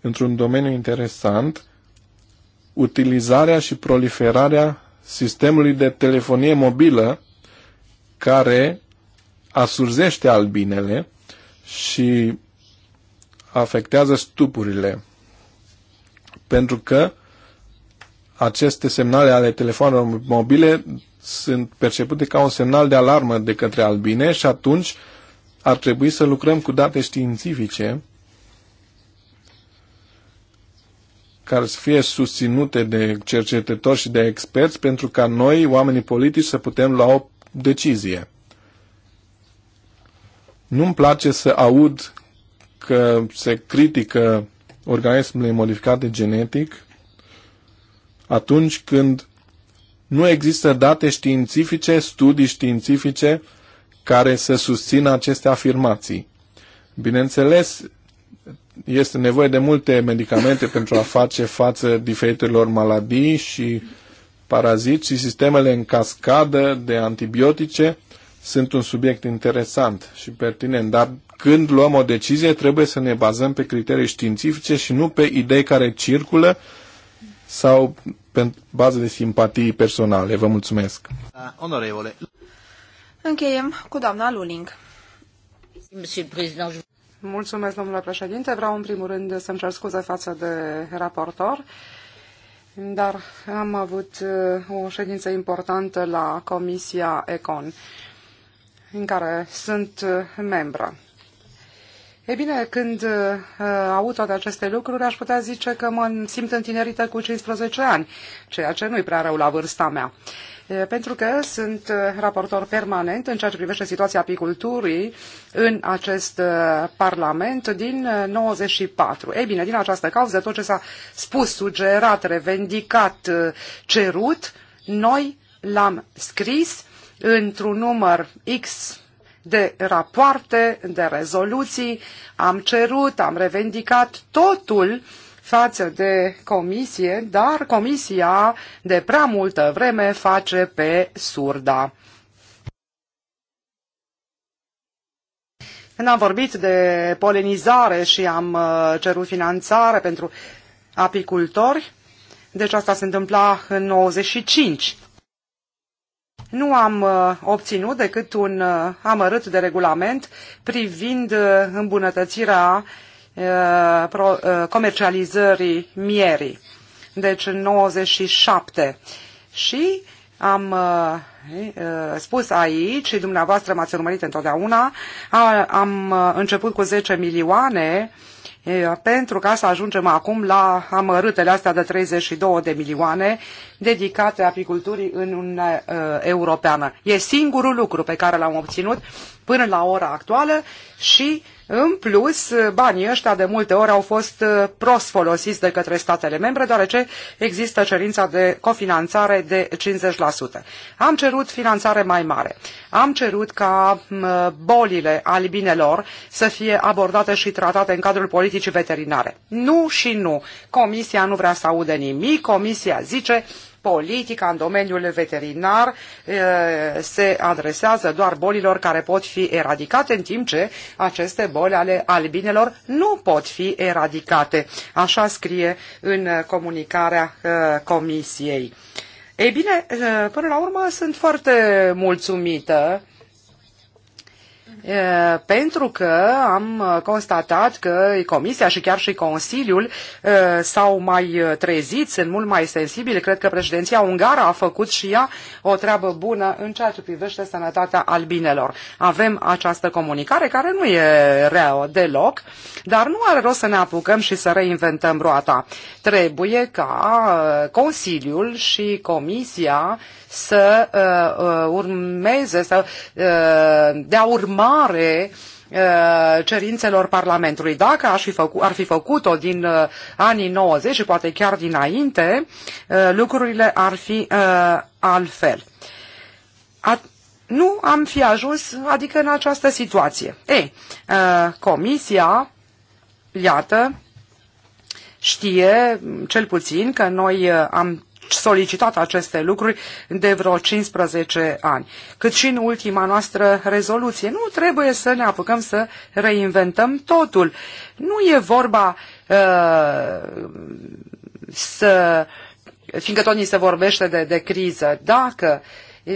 într-un domeniu interesant, utilizarea și proliferarea sistemului de telefonie mobilă care asurzește albinele și afectează stupurile. Pentru că aceste semnale ale telefonelor mobile sunt percepute ca un semnal de alarmă de către albine și atunci ar trebui să lucrăm cu date științifice care să fie susținute de cercetători și de experți pentru ca noi, oamenii politici, să putem lua o decizie. Nu-mi place să aud că se critică organismele modificate genetic atunci când nu există date științifice, studii științifice care să susțină aceste afirmații. Bineînțeles, este nevoie de multe medicamente pentru a face față diferitelor maladii și paraziți și sistemele în cascadă de antibiotice sunt un subiect interesant și pertinent, dar când luăm o decizie trebuie să ne bazăm pe criterii științifice și nu pe idei care circulă sau pe bază de simpatii personale. Vă mulțumesc.
Uh, onorevole.
Încheiem cu doamna Luling.
Mulțumesc, domnule președinte. Vreau, în primul rând, să-mi cer scuze față de raportor, dar am avut uh, o ședință importantă la Comisia Econ, în care sunt uh, membră. E bine, când uh, uh, aud toate aceste lucruri, aș putea zice că mă simt întinerită cu 15 ani, ceea ce nu-i prea rău la vârsta mea. Pentru că sunt uh, raportor permanent în ceea ce privește situația apiculturii în acest uh, Parlament din 94. Ei bine, din această cauză, tot ce s-a spus, sugerat, revendicat, cerut, noi l-am scris într-un număr X de rapoarte, de rezoluții, am cerut, am revendicat totul față de comisie, dar comisia de prea multă vreme face pe surda. Când am vorbit de polenizare și am uh, cerut finanțare pentru apicultori, deci asta se întâmpla în 95 nu am uh, obținut decât un uh, amărât de regulament privind uh, îmbunătățirea comercializării mierii, deci în 97. Și am spus aici, și dumneavoastră m-ați urmărit întotdeauna, am început cu 10 milioane pentru ca să ajungem acum la amărâtele astea de 32 de milioane dedicate apiculturii în Uniunea uh, Europeană. E singurul lucru pe care l-am obținut până la ora actuală și uh, în plus, banii ăștia de multe ori au fost uh, prost folosiți de către statele membre, deoarece există cerința de cofinanțare de 50%. Am cerut finanțare mai mare. Am cerut ca bolile albinelor să fie abordate și tratate în cadrul politicii veterinare. Nu și nu. Comisia nu vrea să audă nimic. Comisia zice politica în domeniul veterinar se adresează doar bolilor care pot fi eradicate, în timp ce aceste boli ale albinelor nu pot fi eradicate. Așa scrie în comunicarea Comisiei. Ei bine, până la urmă sunt foarte mulțumită pentru că am constatat că Comisia și chiar și Consiliul s-au mai trezit, sunt mult mai sensibili. Cred că președinția ungară a făcut și ea o treabă bună în ceea ce privește sănătatea albinelor. Avem această comunicare care nu e rea deloc, dar nu are rost să ne apucăm și să reinventăm roata. Trebuie ca Consiliul și Comisia să uh, uh, urmeze sau uh, dea urmare uh, cerințelor Parlamentului. Dacă aș fi făcut, ar fi făcut-o din uh, anii 90 și poate chiar dinainte, uh, lucrurile ar fi uh, altfel. A, nu am fi ajuns, adică în această situație. Ei, uh, comisia, iată, știe cel puțin că noi uh, am solicitat aceste lucruri de vreo 15 ani. Cât și în ultima noastră rezoluție. Nu trebuie să ne apucăm să reinventăm totul. Nu e vorba uh, să... Fiindcă tot ni se vorbește de, de criză, dacă uh,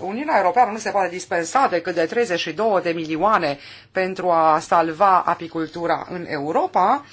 Uniunea Europeană nu se poate dispensa decât de 32 de milioane pentru a salva apicultura în Europa,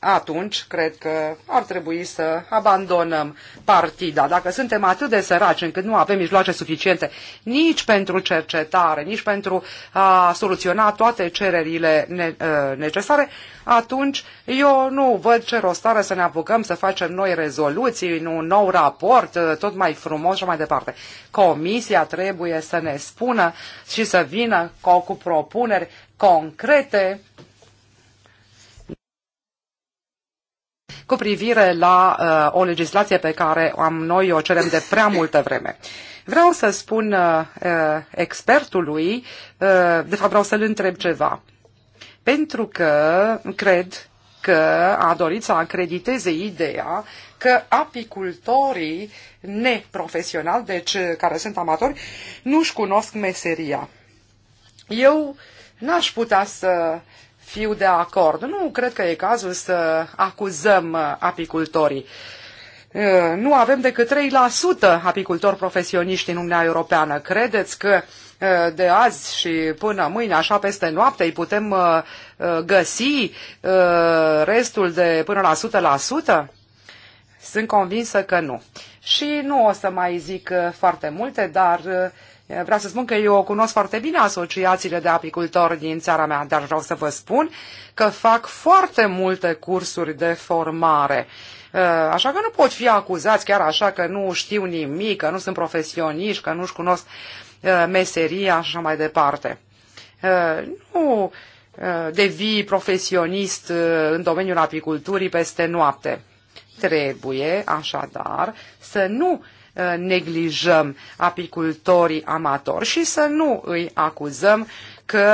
atunci cred că ar trebui să abandonăm partida. Dacă suntem atât de săraci încât nu avem mijloace suficiente nici pentru cercetare, nici pentru a soluționa toate cererile uh, necesare, atunci eu nu văd ce rost are să ne apucăm să facem noi rezoluții, un nou raport, uh, tot mai frumos și mai departe. Comisia trebuie să ne spună și să vină cu propuneri concrete cu privire la uh, o legislație pe care am noi o cerem de prea multă vreme. Vreau să spun uh, uh, expertului, uh, de fapt vreau să-l întreb ceva, pentru că cred că a dorit să acrediteze ideea că apicultorii neprofesionali, deci uh, care sunt amatori, nu-și cunosc meseria. Eu n-aș putea să fiu de acord. Nu cred că e cazul să acuzăm uh, apicultorii. Uh, nu avem decât 3% apicultori profesioniști în Uniunea Europeană. Credeți că uh, de azi și până mâine, așa peste noapte, îi putem găsi restul de până la 100%? Sunt convinsă că nu. Și nu o să mai zic foarte multe, dar Eh, vreau să spun că eu cunosc foarte bine asociațiile de apicultori din țara mea, dar vreau să vă spun că fac foarte multe cursuri de formare. Eh, așa că nu pot fi acuzați chiar așa că nu știu nimic, că nu sunt profesioniști, că nu-și cunosc eh, meseria și așa mai departe. Nu devii profesionist în domeniul apiculturii peste noapte. Trebuie, așadar, să nu uh, Uh, neglijăm apicultorii amatori și să nu îi acuzăm că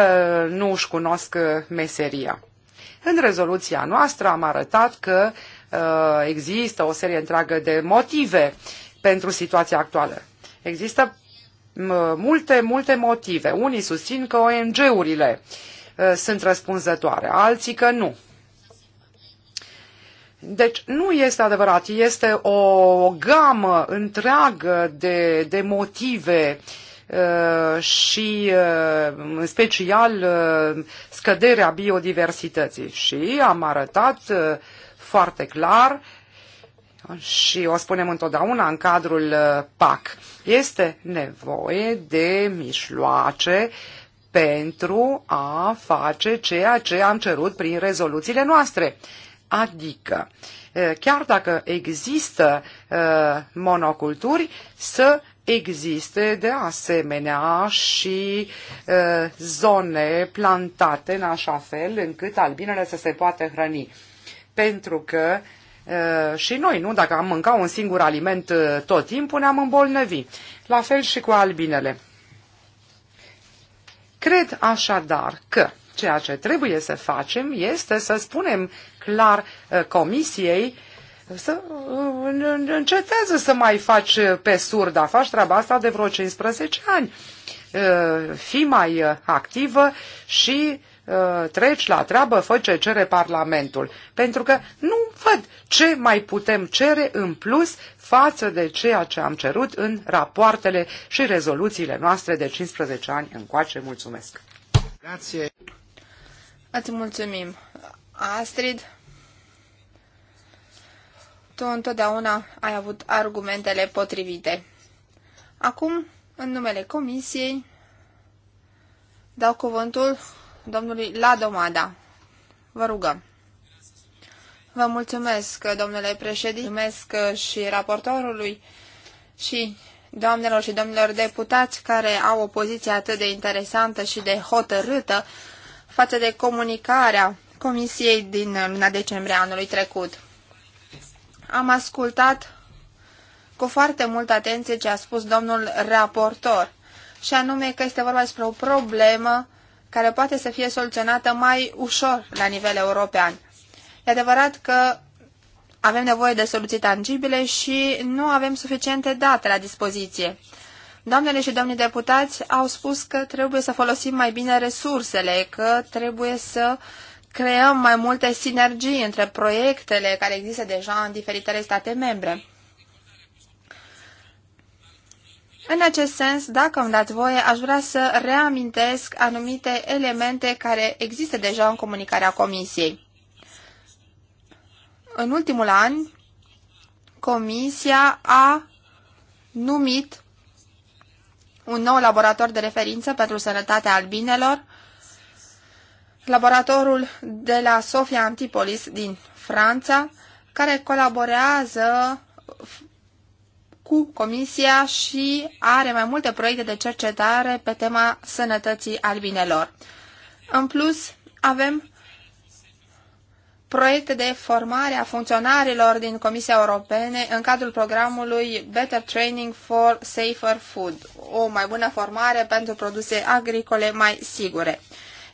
nu își cunosc meseria. În rezoluția noastră am arătat că uh, există o serie întreagă de motive pentru situația actuală. Există multe, multe motive. Unii susțin că ONG-urile uh, sunt răspunzătoare, alții că nu. Deci nu este adevărat, este o gamă întreagă de, de motive uh, și uh, în special uh, scăderea biodiversității. Și am arătat foarte clar și o spunem întotdeauna în cadrul PAC. Este nevoie de mișloace pentru a face ceea ce am cerut prin rezoluțiile noastre Adică, chiar dacă există monoculturi, să existe de asemenea și zone plantate în așa fel încât albinele să se poată hrăni. Pentru că și noi, nu? Dacă am mâncat un singur aliment tot timpul, ne-am îmbolnăvit. La fel și cu albinele. Cred așadar că ceea ce trebuie să facem este să spunem clar uh, comisiei să uh, încetează să mai faci uh, pe surda, faci treaba asta de vreo 15 ani. Fii mai activă și treci la treabă, fă ce cere Parlamentul. Pentru că nu văd ce mai putem cere în plus față de ceea ce am cerut în rapoartele și rezoluțiile noastre de 15 ani încoace. Mulțumesc!
Grație! Ați mulțumim! Astrid, tu întotdeauna ai avut argumentele potrivite. Acum, în numele comisiei, dau cuvântul domnului Ladomada. Vă rugăm. Vă mulțumesc, domnule președinte, mulțumesc și raportorului și doamnelor și domnilor deputați care au o poziție atât de interesantă și de hotărâtă față de comunicarea Comisiei din luna decembrie anului trecut. Am ascultat cu foarte multă atenție ce a spus domnul raportor, și anume că este vorba despre o problemă care poate să fie soluționată mai ușor la nivel european. E adevărat că avem nevoie de soluții tangibile și nu avem suficiente date la dispoziție. Doamnele și domnii deputați au spus că trebuie să folosim mai bine resursele, că trebuie să creăm mai multe sinergii între proiectele care există deja în diferitele state membre. În acest sens, dacă îmi dați voie, aș vrea să reamintesc anumite elemente care există deja în comunicarea Comisiei. În ultimul an, Comisia a numit un nou laborator de referință pentru sănătatea albinelor, laboratorul de la Sofia Antipolis din Franța, care colaborează cu Comisia și are mai multe proiecte de cercetare pe tema sănătății albinelor. În plus, avem proiecte de formare a funcționarilor din Comisia Europene în cadrul programului Better Training for Safer Food, o mai bună formare pentru produse agricole mai sigure.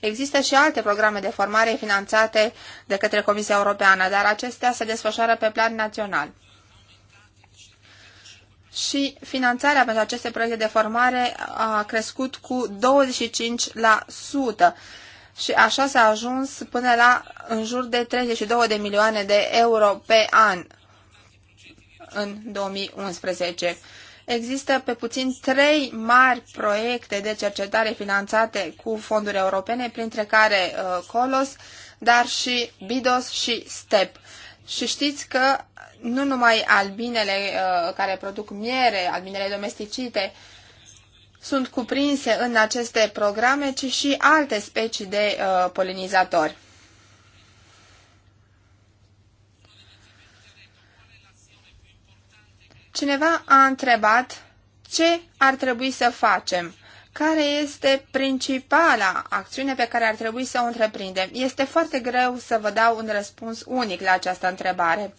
Există și alte programe de formare finanțate de către Comisia Europeană, dar acestea se desfășoară pe plan național. Și finanțarea pentru aceste proiecte de formare a crescut cu 25% și așa s-a ajuns până la în jur de 32 de milioane de euro pe an în 2011. Există pe puțin trei mari proiecte de cercetare finanțate cu fonduri europene, printre care uh, Colos, dar și Bidos și STEP. Și știți că nu numai albinele uh, care produc miere, albinele domesticite, sunt cuprinse în aceste programe, ci și alte specii de uh, polinizatori. Cineva a întrebat ce ar trebui să facem, care este principala acțiune pe care ar trebui să o întreprindem. Este foarte greu să vă dau un răspuns unic la această întrebare.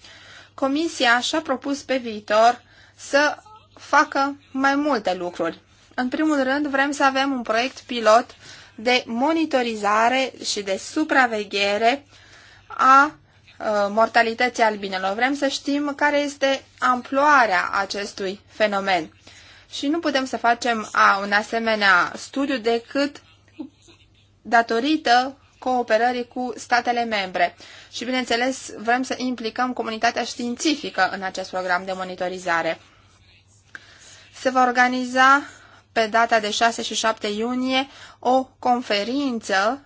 Comisia și-a propus pe viitor să facă mai multe lucruri. În primul rând, vrem să avem un proiect pilot de monitorizare și de supraveghere a Uh, mortalității albinelor. Vrem să știm care este amploarea acestui fenomen. Și nu putem să facem a, un asemenea studiu decât datorită cooperării cu statele membre. Și, bineînțeles, vrem să implicăm comunitatea științifică în acest program de monitorizare. Se va organiza pe data de 6 și 7 iunie o conferință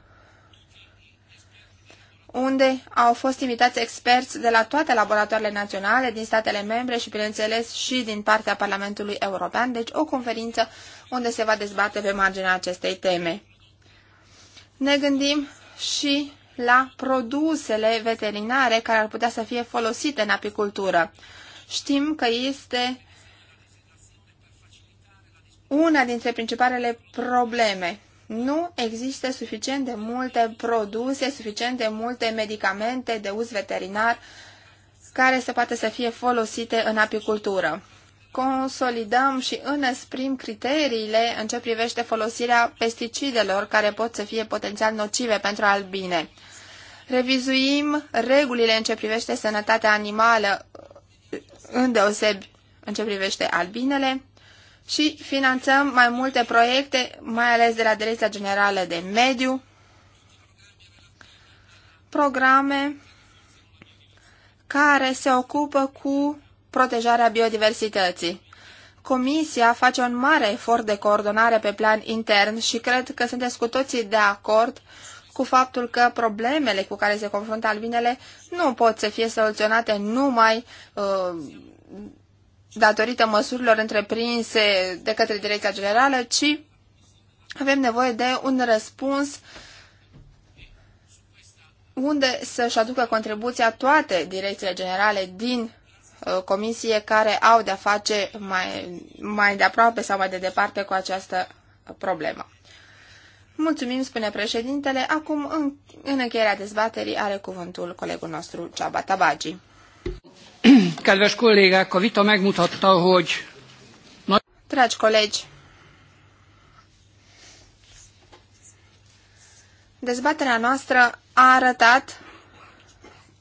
unde au fost invitați experți de la toate laboratoarele naționale din statele membre și, bineînțeles, și din partea Parlamentului European, deci o conferință unde se va dezbate pe marginea acestei teme. Ne gândim și la produsele veterinare care ar putea să fie folosite în apicultură. Știm că este una dintre principalele probleme nu există suficient de multe produse, suficient de multe medicamente de uz veterinar care să poată să fie folosite în apicultură. Consolidăm și înăsprim criteriile în ce privește folosirea pesticidelor care pot să fie potențial nocive pentru albine. Revizuim regulile în ce privește sănătatea animală, îndeosebi în ce privește albinele, și finanțăm mai multe proiecte, mai ales de la Direcția Generală de Mediu, programe care se ocupă cu protejarea biodiversității. Comisia face un mare efort de coordonare pe plan intern și cred că sunteți cu toții de acord cu faptul că problemele cu care se confruntă albinele nu pot să fie soluționate numai uh, datorită măsurilor întreprinse de către Direcția Generală, ci avem nevoie de un răspuns unde să-și aducă contribuția toate direcțiile generale din uh, comisie care au de-a face mai, mai de aproape sau mai de departe cu această problemă. Mulțumim, spune președintele. Acum, în, în încheierea dezbaterii, are cuvântul colegul nostru, Ceaba Tabagi.
Kedves kollégák, a vita megmutatta, hogy...
Dragi colegi, dezbaterea noastră a arătat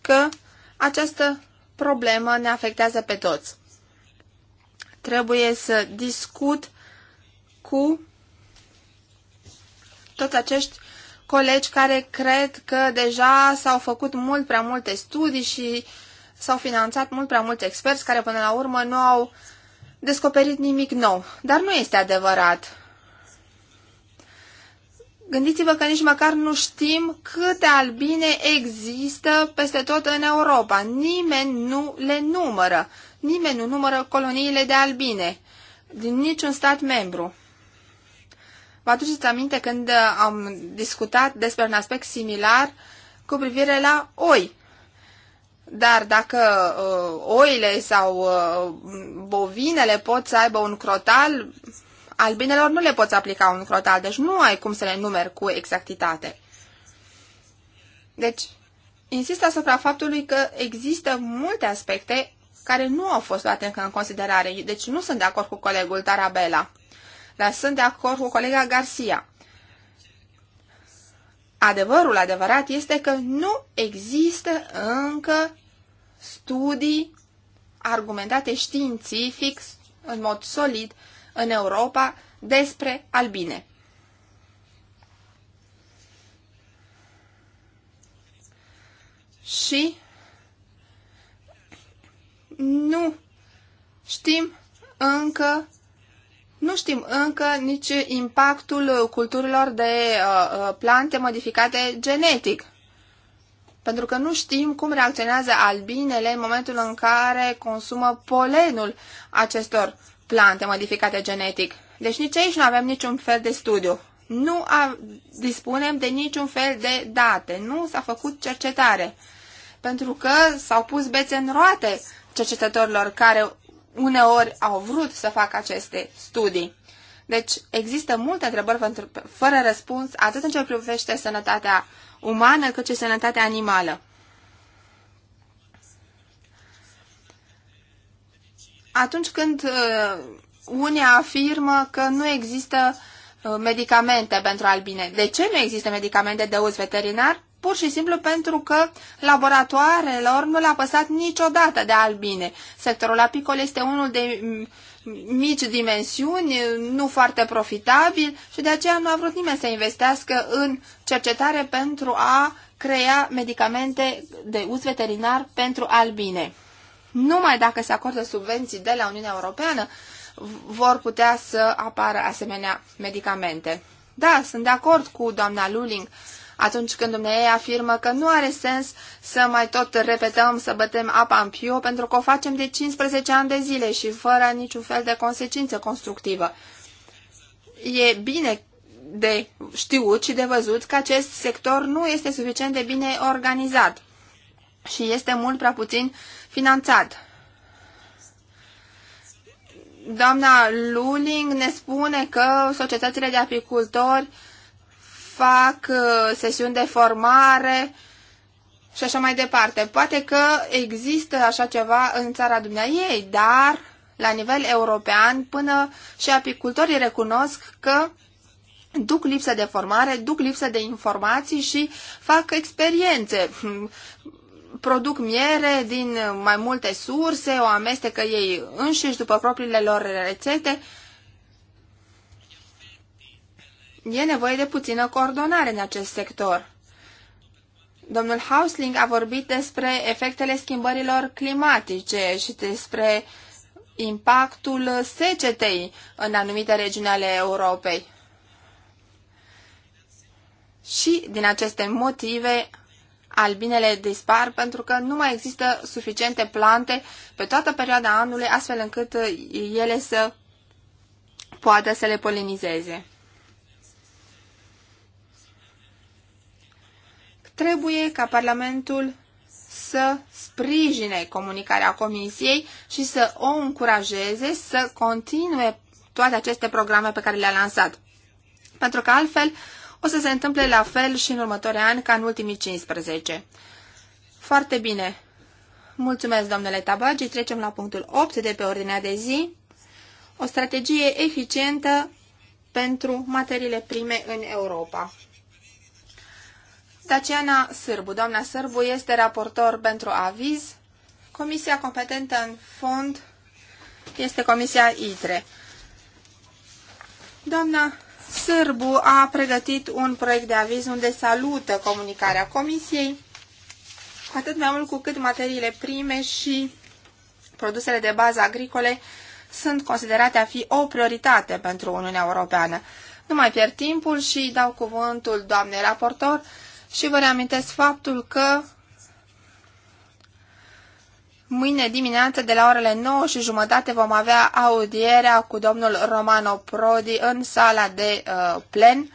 că această problemă ne afectează pe toți. Trebuie să discut cu toți acești colegi care cred că deja s-au făcut mult prea multe studii și uh, s-au finanțat mult prea mulți experți care până la urmă nu au descoperit nimic nou. Dar nu este adevărat. Gândiți-vă că nici măcar nu știm câte albine există peste tot în Europa. Nimeni nu le numără. Nimeni nu numără coloniile de albine din niciun stat membru. Vă aduceți aminte când am discutat despre un aspect similar cu privire la oi. Dar dacă uh, oile sau uh, bovinele pot să aibă un crotal, albinelor nu le poți aplica un crotal, deci nu ai cum să le numeri cu exactitate. Deci, insist asupra faptului că există multe aspecte care nu au fost luate încă în considerare, deci nu sunt de acord cu colegul Tarabella, dar sunt de acord cu colega Garcia. Adevărul adevărat este că nu există încă studii argumentate științific în mod solid în Europa despre albine. Și nu știm încă nu știm încă nici impactul culturilor de uh, uh plante modificate genetic pentru că nu știm cum reacționează albinele în momentul în care consumă polenul acestor plante modificate genetic. Deci nici aici nu avem niciun fel de studiu. Nu a, dispunem de niciun fel de date. Nu s-a făcut cercetare. Pentru că s-au pus bețe în roate cercetătorilor care uneori au vrut să facă aceste studii. Deci există multe întrebări fără răspuns, atât în ce privește sănătatea umană, cât și sănătatea animală. Atunci când uh, unii afirmă că nu există uh, medicamente pentru albine. De ce nu există medicamente de uz veterinar? pur și simplu pentru că laboratoarelor nu le-a păsat niciodată de albine. Sectorul apicol este unul de mici dimensiuni, nu foarte profitabil și de aceea nu a vrut nimeni să investească în cercetare pentru a crea medicamente de uz veterinar pentru albine. Numai dacă se acordă subvenții de la Uniunea Europeană vor putea să apară asemenea medicamente. Da, sunt de acord cu doamna Luling atunci când Dumnezeu afirmă că nu are sens să mai tot repetăm să bătem apa în piu, pentru că o facem de 15 ani de zile și fără niciun fel de consecință constructivă. E bine de știut și de văzut că acest sector nu este suficient de bine organizat și este mult prea puțin finanțat. Doamna Luling ne spune că societățile de apicultori uh, fac uh, sesiuni de formare și așa mai departe. Poate că există așa ceva în țara ei, dar la nivel european până și apicultorii recunosc că duc lipsă de formare, duc lipsă de informații și fac experiențe. Produc miere din mai multe surse, o amestecă ei înșiși după propriile lor rețete E nevoie de puțină coordonare în acest sector. Domnul Hausling a vorbit despre efectele schimbărilor climatice și despre impactul secetei în anumite regiuni ale Europei. Și din aceste motive, albinele dispar pentru că nu mai există suficiente plante pe toată perioada anului, astfel încât ele să poată să le polinizeze. Trebuie ca Parlamentul să sprijine comunicarea Comisiei și să o încurajeze să continue toate aceste programe pe care le-a lansat. Pentru că altfel o să se întâmple la fel și în următorii ani ca în ultimii 15. Foarte bine. Mulțumesc, domnule Tabagi. Trecem la punctul 8 de pe ordinea de zi. O strategie eficientă pentru materiile prime în Europa. Daciana Sârbu. Doamna Sârbu este raportor pentru aviz. Comisia competentă în fond este Comisia ITRE. Doamna Sârbu a pregătit un proiect de aviz unde salută comunicarea Comisiei, atât mai mult cu cât materiile prime și produsele de bază agricole sunt considerate a fi o prioritate pentru Uniunea Europeană. Nu mai pierd timpul și dau cuvântul doamnei raportor și vă reamintesc faptul că mâine dimineață de la orele 9 și jumătate vom avea audierea cu domnul Romano Prodi în sala de uh, plen,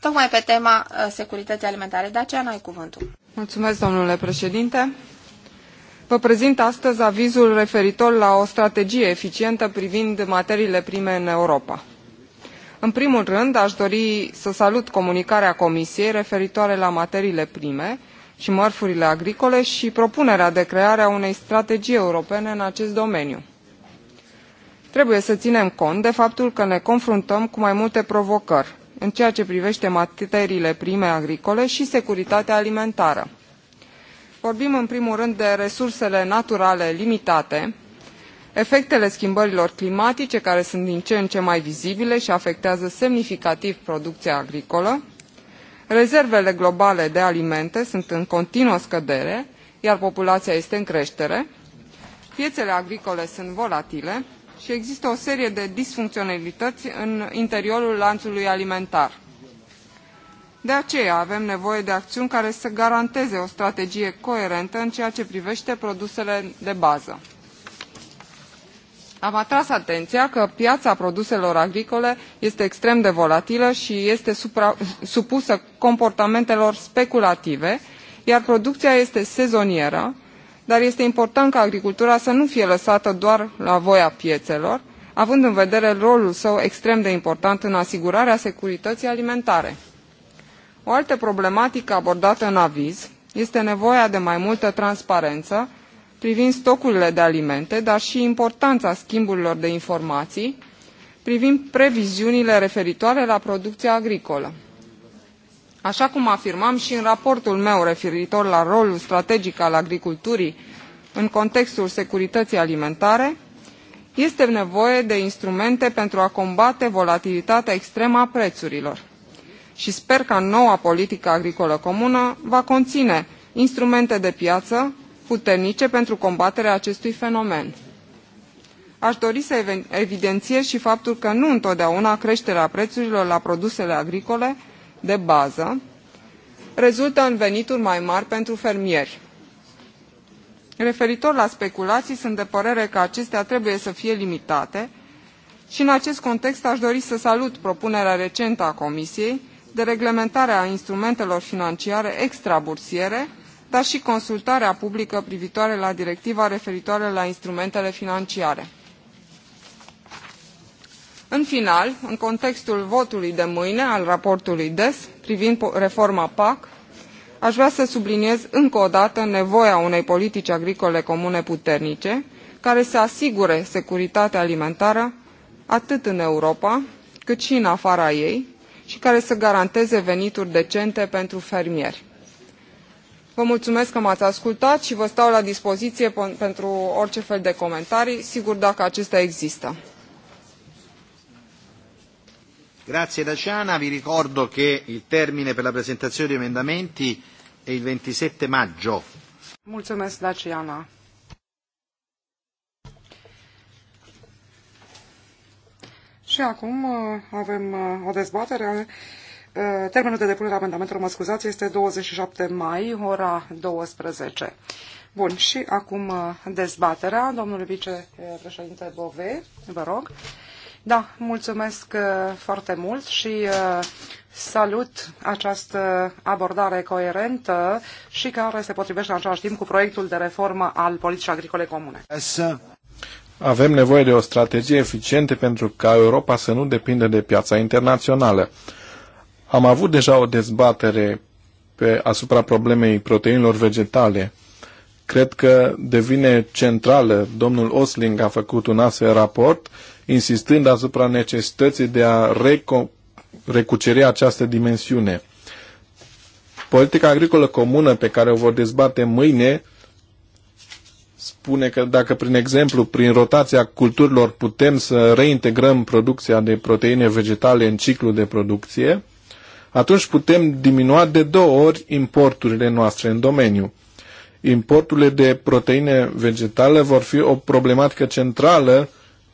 tocmai pe tema uh, securității alimentare. De aceea n-ai cuvântul.
Mulțumesc, domnule președinte. Vă prezint astăzi avizul referitor la o strategie eficientă privind materiile prime în Europa în primul rând aș dori să salut comunicarea comisiei referitoare la materiile prime și mărfurile agricole și propunerea de creare a unei strategii europene în acest domeniu. trebuie să ținem cont de faptul că ne confruntăm cu mai multe provocări în ceea ce privește materiile prime agricole și securitatea alimentară. vorbim în primul rând de resursele naturale limitate efectele schimbărilor climatice care sunt din ce în ce mai vizibile și afectează semnificativ producția agricolă rezervele globale de alimente sunt în continuă scădere iar populația este în creștere piețele agricole sunt volatile și există o serie de disfuncționalități în interiorul lanțului alimentar. De aceea avem nevoie de acțiuni care să garanteze o strategie coerentă în ceea ce privește produsele de bază am atras atenția că piața produselor agricole este extrem de volatilă și este supra, supusă comportamentelor speculative iar producția este sezonieră dar este important ca agricultura să nu fie lăsată doar la voia piețelor având în vedere rolul său extrem de important în asigurarea securității alimentare. o altă problematică abordată în aviz este nevoia de mai multă transparență privind stocurile de alimente, dar și importanța schimburilor de informații privind previziunile referitoare la producția agricolă. Așa cum afirmam și în raportul meu referitor la rolul strategic al agriculturii în contextul securității alimentare, este nevoie de instrumente pentru a combate volatilitatea extremă a prețurilor. Și sper că noua politică agricolă comună va conține instrumente de piață puternice pentru combaterea acestui fenomen. Aș dori să evidențiez și faptul că nu întotdeauna creșterea prețurilor la produsele agricole de bază rezultă în venituri mai mari pentru fermieri. Referitor la speculații, sunt de părere că acestea trebuie să fie limitate și în acest context aș dori să salut propunerea recentă a Comisiei de reglementare a instrumentelor financiare extrabursiere dar și consultarea publică privitoare la directiva referitoare la instrumentele financiare. În final, în contextul votului de mâine al raportului DES privind reforma PAC, aș vrea să subliniez încă o dată nevoia unei politici agricole comune puternice, care să asigure securitatea alimentară atât în Europa, cât și în afara ei, și care să garanteze venituri decente pentru fermieri. Vă mulțumesc că m-ați ascultat și vă stau la dispoziție pentru orice fel de comentarii, sigur dacă acestea există.
Grazie Daciana, vi ricordo che il termine per la presentazione di emendamenti è il 27 maggio.
Mulțumesc, Daciana. Și acum uh, avem uh, o dezbatere Eh, termenul de depunere a amendamentelor, mă scuzați, este 27 mai, ora 12. Bun, și acum eh, dezbaterea. Domnul vicepreședinte Bove, vă rog. Da, mulțumesc eh, foarte mult și salut această abordare coerentă și care se potrivește în același timp cu proiectul de reformă al politicii agricole comune.
Uh, avem nevoie de o strategie eficientă pentru ca Europa să nu depindă de piața internațională. Am avut deja o dezbatere pe, asupra problemei proteinilor vegetale. Cred că devine centrală. Domnul Osling a făcut un astfel raport, insistând asupra necesității de a reco- recuceri această dimensiune. Politica agricolă comună pe care o vor dezbate mâine spune că dacă, prin exemplu, prin rotația culturilor putem să reintegrăm producția de proteine vegetale în ciclu de producție, atunci putem diminua de două ori importurile noastre în domeniu. Importurile de proteine vegetale vor fi o problematică centrală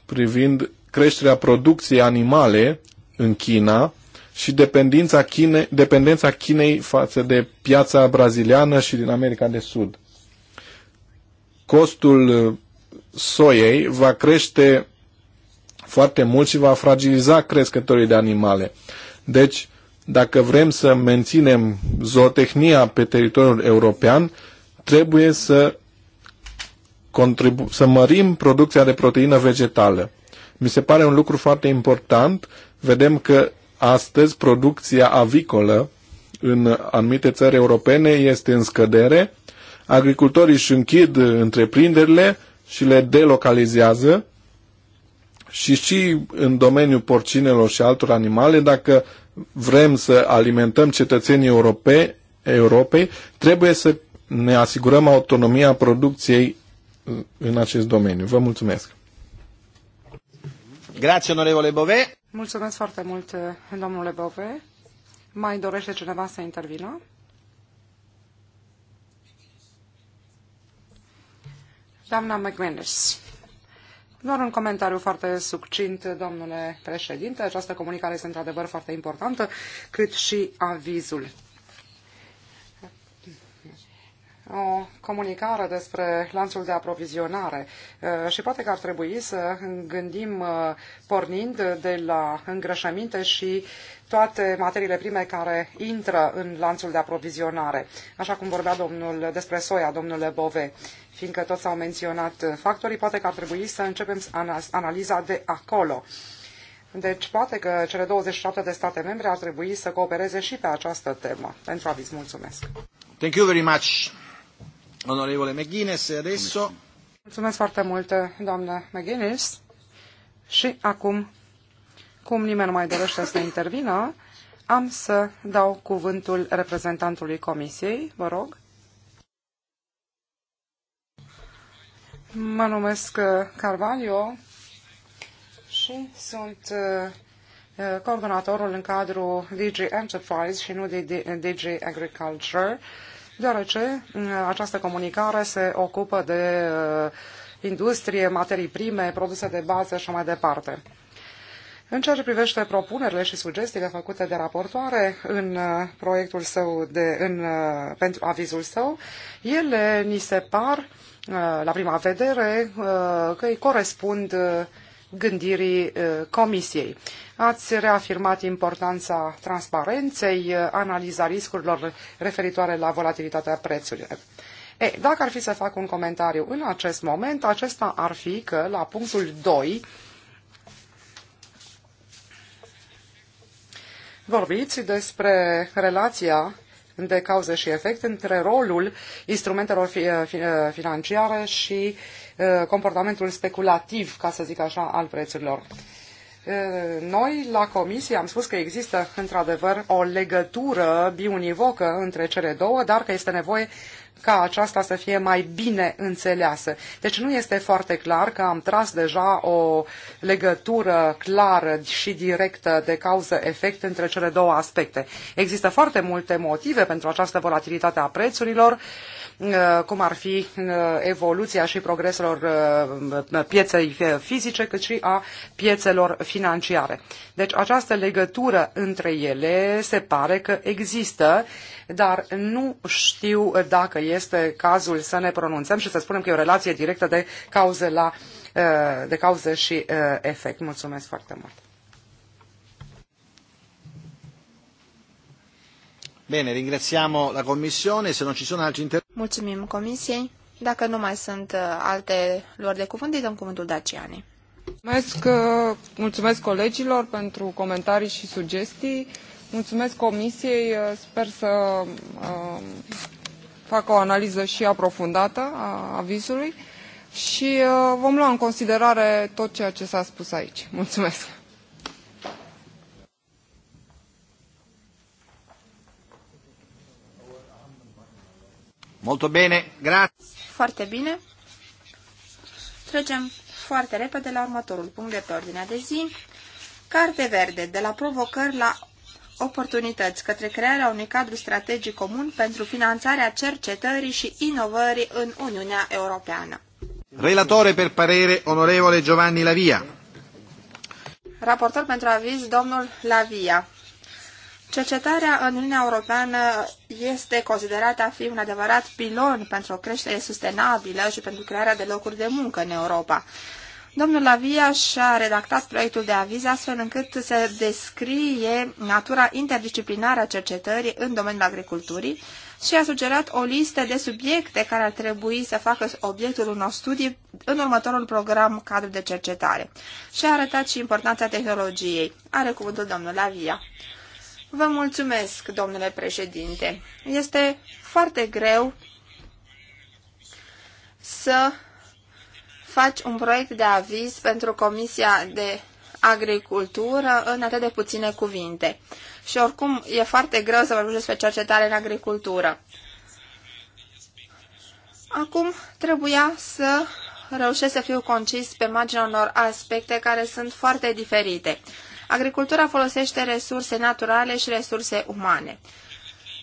privind creșterea producției animale în China și dependența, Chine, dependența Chinei față de piața braziliană și din America de Sud. Costul uh, soiei va crește foarte mult și va fragiliza crescătorii de animale. Deci, dacă vrem să menținem zootehnia pe teritoriul european, trebuie să, contribu- să mărim producția de proteină vegetală. Mi se pare un lucru foarte important. Vedem că astăzi producția avicolă în anumite țări europene este în scădere. Agricultorii își închid întreprinderile și le delocalizează și și în domeniul porcinelor și altor animale, dacă vrem să alimentăm cetățenii europe, Europei, trebuie să ne asigurăm autonomia producției în acest domeniu. Vă mulțumesc!
Grazie, onorevole Bove.
Mulțumesc foarte mult, domnule Bove. Mai dorește cineva să intervină? Doamna McManus. Doar un comentariu foarte succint, domnule președinte. Această comunicare este într-adevăr foarte importantă, cât și avizul o comunicare despre lanțul de aprovizionare uh, și poate că ar trebui să gândim uh, pornind de la îngrășăminte și toate materiile prime care intră în lanțul de aprovizionare, așa cum vorbea domnul despre soia, domnule Bove, fiindcă toți au menționat factorii, poate că ar trebui să începem analiza de acolo. Deci poate că cele 27 de state membre ar trebui să coopereze și pe această temă. Pentru aviz,
mulțumesc. Thank you very much. Onorevole McGuinness, adesso...
Mulțumesc foarte mult, doamnă McGuinness. Și acum, cum nimeni nu mai dorește să intervină, am să dau cuvântul reprezentantului Comisiei, vă rog. Mă numesc uh, Carvalho și sunt uh, coordonatorul în cadrul DG Enterprise și nu DG Agriculture deoarece această comunicare se ocupă de uh, industrie, materii prime, produse de bază și mai departe. În ceea ce privește propunerile și sugestiile făcute de raportoare în uh, proiectul său, de, în, uh, pentru avizul său, ele ni se par, la prima vedere, că îi corespund gândirii uh, Comisiei. Ați reafirmat importanța transparenței, uh, analiza riscurilor referitoare la volatilitatea prețurilor. E, dacă ar fi să fac un comentariu în acest moment, acesta ar fi că la punctul 2 vorbiți despre relația de cauză și efect între rolul instrumentelor financiare și Uh, comportamentul speculativ, ca să zic așa, al prețurilor.
Uh,
noi, la comisie, am spus că există, într-adevăr, o legătură biunivocă între cele două, dar că este nevoie ca aceasta să fie mai bine înțeleasă. Deci nu este foarte clar că am tras deja o legătură clară și directă de cauză-efect între cele două aspecte. Există foarte multe motive pentru această volatilitate a prețurilor Uh, cum ar fi uh, evoluția și progreselor uh, pieței fizice, cât și a piețelor financiare. Deci această legătură între ele se pare că există, dar nu știu dacă este cazul să ne pronunțăm și să spunem că e o relație directă de cauză, la, de cauză și efect. Mulțumesc foarte mult!
Bine, ringrațiamo la Comisione, se non ci sono altri inter...
Mulțumim Comisiei. Dacă nu mai sunt uh, alte luări de cuvânt, îi dăm cuvântul Daciani. Mulțumesc, uh, mulțumesc colegilor
pentru comentarii și sugestii. Mulțumesc Comisiei. Uh, sper să uh, fac o analiză și aprofundată a avizului și uh, vom lua în considerare tot ceea ce s-a spus aici. Mulțumesc!
Molto bene, grazie.
Foarte bine. Trecem foarte repede la următorul punct de pe ordinea de zi. Carte verde, de la provocări la oportunități către crearea unui cadru strategic comun pentru finanțarea cercetării și inovării în Uniunea Europeană.
Relatore per parere, onorevole Giovanni Lavia.
Raportor pentru aviz, domnul Lavia. Cercetarea în Uniunea Europeană este considerată a fi un adevărat pilon pentru o creștere sustenabilă și pentru crearea de locuri de muncă în Europa. Domnul Lavia și-a redactat proiectul de aviz astfel încât să descrie natura interdisciplinară a cercetării în domeniul agriculturii și a sugerat o listă de subiecte care ar trebui să facă obiectul unor studii în următorul program cadru de cercetare. Și a arătat și importanța tehnologiei. Are cuvântul domnul Lavia. Vă mulțumesc, domnule președinte. Este foarte greu să faci un proiect de aviz pentru Comisia de Agricultură în atât de puține cuvinte. Și oricum e foarte greu să vorbim despre cercetare în agricultură. Acum trebuia să reușesc să fiu concis pe marginea unor aspecte care sunt foarte diferite. Agricultura folosește resurse naturale și resurse umane.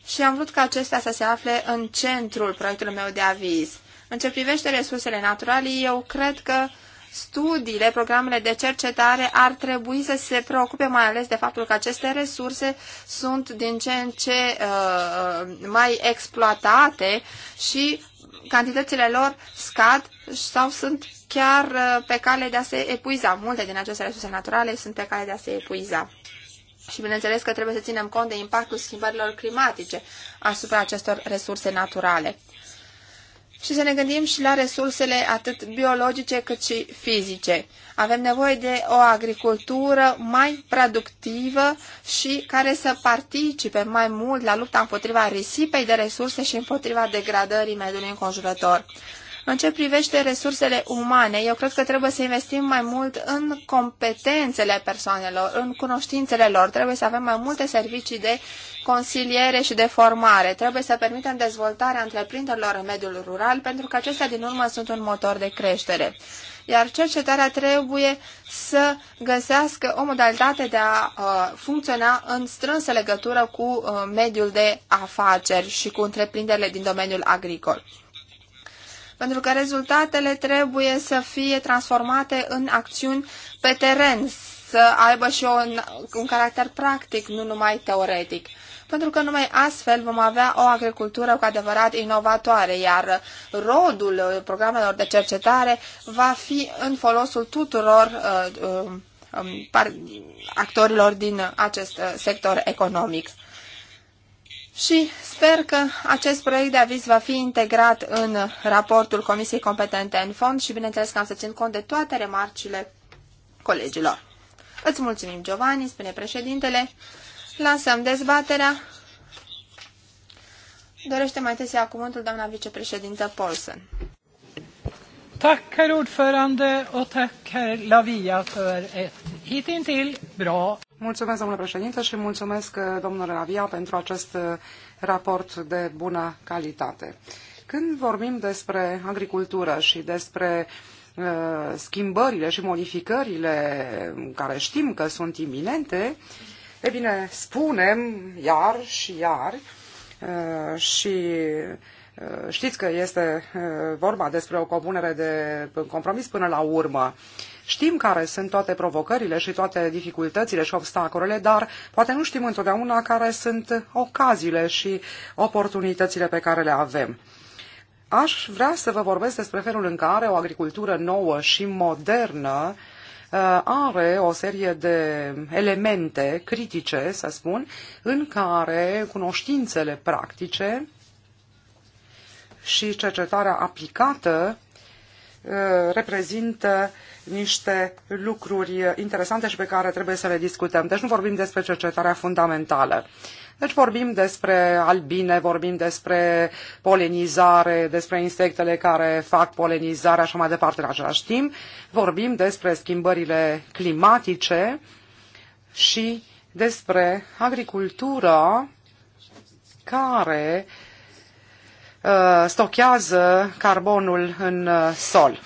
Și am vrut ca acestea să se afle în centrul proiectului meu de aviz. În ce privește resursele naturale, eu cred că studiile, programele de cercetare ar trebui să se preocupe mai ales de faptul că aceste resurse sunt din ce în ce uh, mai exploatate și cantitățile lor scad sau sunt chiar uh, pe cale de a se epuiza. Multe din aceste resurse naturale sunt pe cale de a se epuiza. Și bineînțeles că trebuie să ținem cont de impactul schimbărilor climatice asupra acestor resurse naturale. Și să ne gândim și la resursele atât biologice cât și fizice. Avem nevoie de o agricultură mai productivă și care să participe mai mult la lupta împotriva risipei de resurse și împotriva degradării mediului înconjurător. În ce privește resursele umane, eu cred că trebuie să investim mai mult în competențele persoanelor, în cunoștințele lor. Trebuie să avem mai multe servicii de consiliere și de formare. Trebuie să permitem dezvoltarea întreprinderilor în mediul rural, pentru că acestea din urmă sunt un motor de creștere. Iar cercetarea trebuie să găsească o modalitate de a uh, funcționa în strânsă legătură cu uh, mediul de afaceri și cu întreprinderile din domeniul agricol pentru că rezultatele trebuie să fie transformate în acțiuni pe teren, să aibă și un, un caracter practic, nu numai teoretic. Pentru că numai astfel vom avea o agricultură cu adevărat inovatoare, iar rodul programelor de cercetare va fi în folosul tuturor uh, uh, actorilor din acest uh, sector economic și sper că acest proiect de aviz va fi integrat în raportul Comisiei Competente în Fond și bineînțeles că am să țin cont de toate remarcile colegilor. Îți mulțumim, Giovanni, spune președintele. Lansăm dezbaterea. Dorește mai întâi să ia cuvântul doamna vicepreședintă Paulson.
Tack
herr ordförande och tack herr Lavia för ett bra. Mulțumesc domnule președinte și mulțumesc eh, domnule Lavia pentru acest eh, raport de bună calitate. Când vorbim despre agricultură și despre eh, schimbările și modificările care știm că sunt iminente, e bine, spunem iar și iar și Eh, știți că este eh, vorba despre o compunere de compromis până la urmă. Știm care sunt toate provocările și toate dificultățile și obstacolele, dar poate nu știm întotdeauna care sunt ocaziile și oportunitățile pe care le avem. Aș vrea să vă vorbesc despre felul în care o agricultură nouă și modernă eh, are o serie de elemente critice, să spun, în care cunoștințele practice și cercetarea aplicată uh, reprezintă niște lucruri interesante și pe care trebuie să le discutăm. Deci nu vorbim despre cercetarea fundamentală. Deci vorbim despre albine, vorbim despre polenizare, despre insectele care fac polenizare, așa mai departe în același timp. Vorbim despre schimbările climatice și despre agricultura care uh, Uh, stochează carbonul în uh, sol.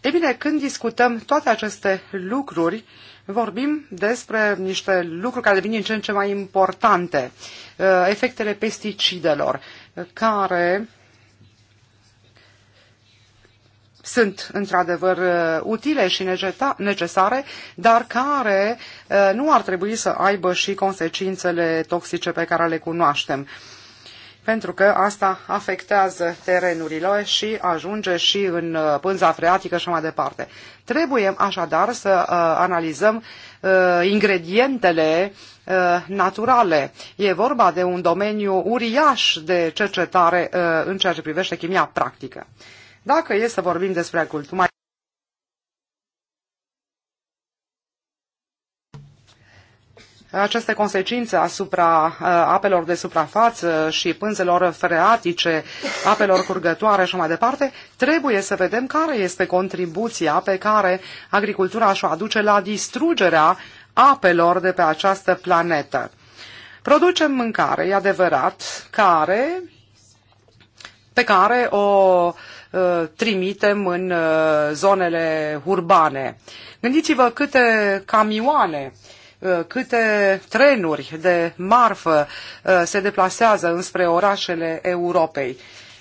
Ei bine, când discutăm toate aceste lucruri, vorbim despre niște lucruri care devin din ce în ce mai importante. Uh, efectele pesticidelor, care sunt într-adevăr utile și necesare, dar care nu ar trebui să aibă și consecințele toxice pe care le cunoaștem pentru că asta afectează terenurile și ajunge și în uh, pânza freatică și mai departe. Trebuie așadar să uh, analizăm uh, ingredientele naturale. E vorba de un domeniu uriaș de cercetare în ceea ce privește chimia practică. Dacă e să vorbim despre agricultură, aceste consecințe asupra uh, apelor de suprafață și pânzelor freatice, apelor curgătoare și mai departe, trebuie să vedem care este contribuția pe care agricultura și-o aduce la distrugerea apelor de pe această planetă. Producem mâncare, e adevărat, care, pe care o uh, trimitem în uh, zonele urbane. Gândiți-vă câte camioane Eh, câte trenuri de marfă eh, se deplasează înspre orașele Europei.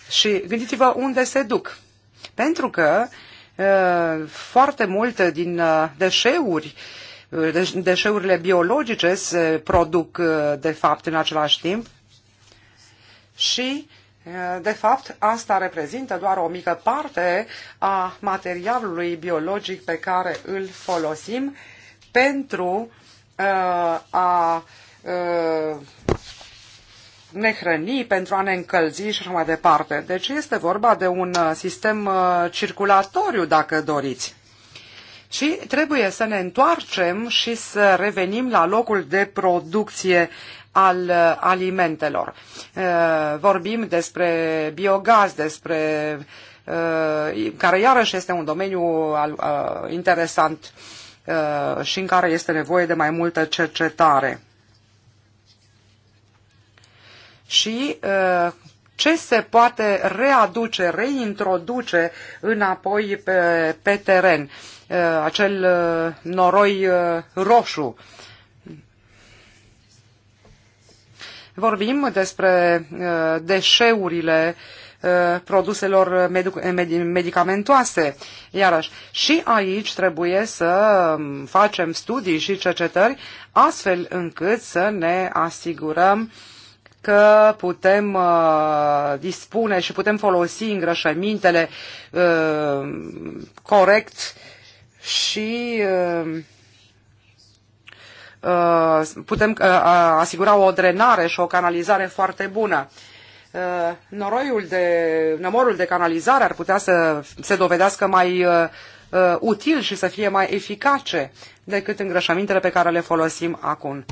Și gândiți-vă unde se duc. Pentru că eh, foarte multe din deșeuri, deșeurile biologice se produc de fapt în același timp și de fapt, asta reprezintă doar o mică parte a materialului biologic pe care îl folosim pentru Uh, a uh, ne hrăni, pentru a ne încălzi și așa mai departe. Deci este vorba de un uh, sistem circulatoriu, dacă doriți. Și trebuie să ne întoarcem și să revenim la locul de producție al alimentelor. Vorbim despre biogaz, despre care iarăși este un domeniu interesant Uh, și în care este nevoie de mai multă cercetare. Și uh, ce se poate readuce, reintroduce înapoi pe, pe teren, uh, acel noroi roșu. Vorbim despre deșeurile uh, Uh, produselor medicamentoase. Iarăși, și aici trebuie să um, facem studii și cercetări astfel încât să ne asigurăm că putem uh, dispune și putem folosi îngrășămintele uh, corect și uh, uh putem uh, asigura o drenare și o canalizare foarte bună. Uh, noroiul de, nămorul de canalizare ar putea să se dovedească mai uh, uh, util și să fie mai eficace decât îngrășămintele pe care le folosim acum.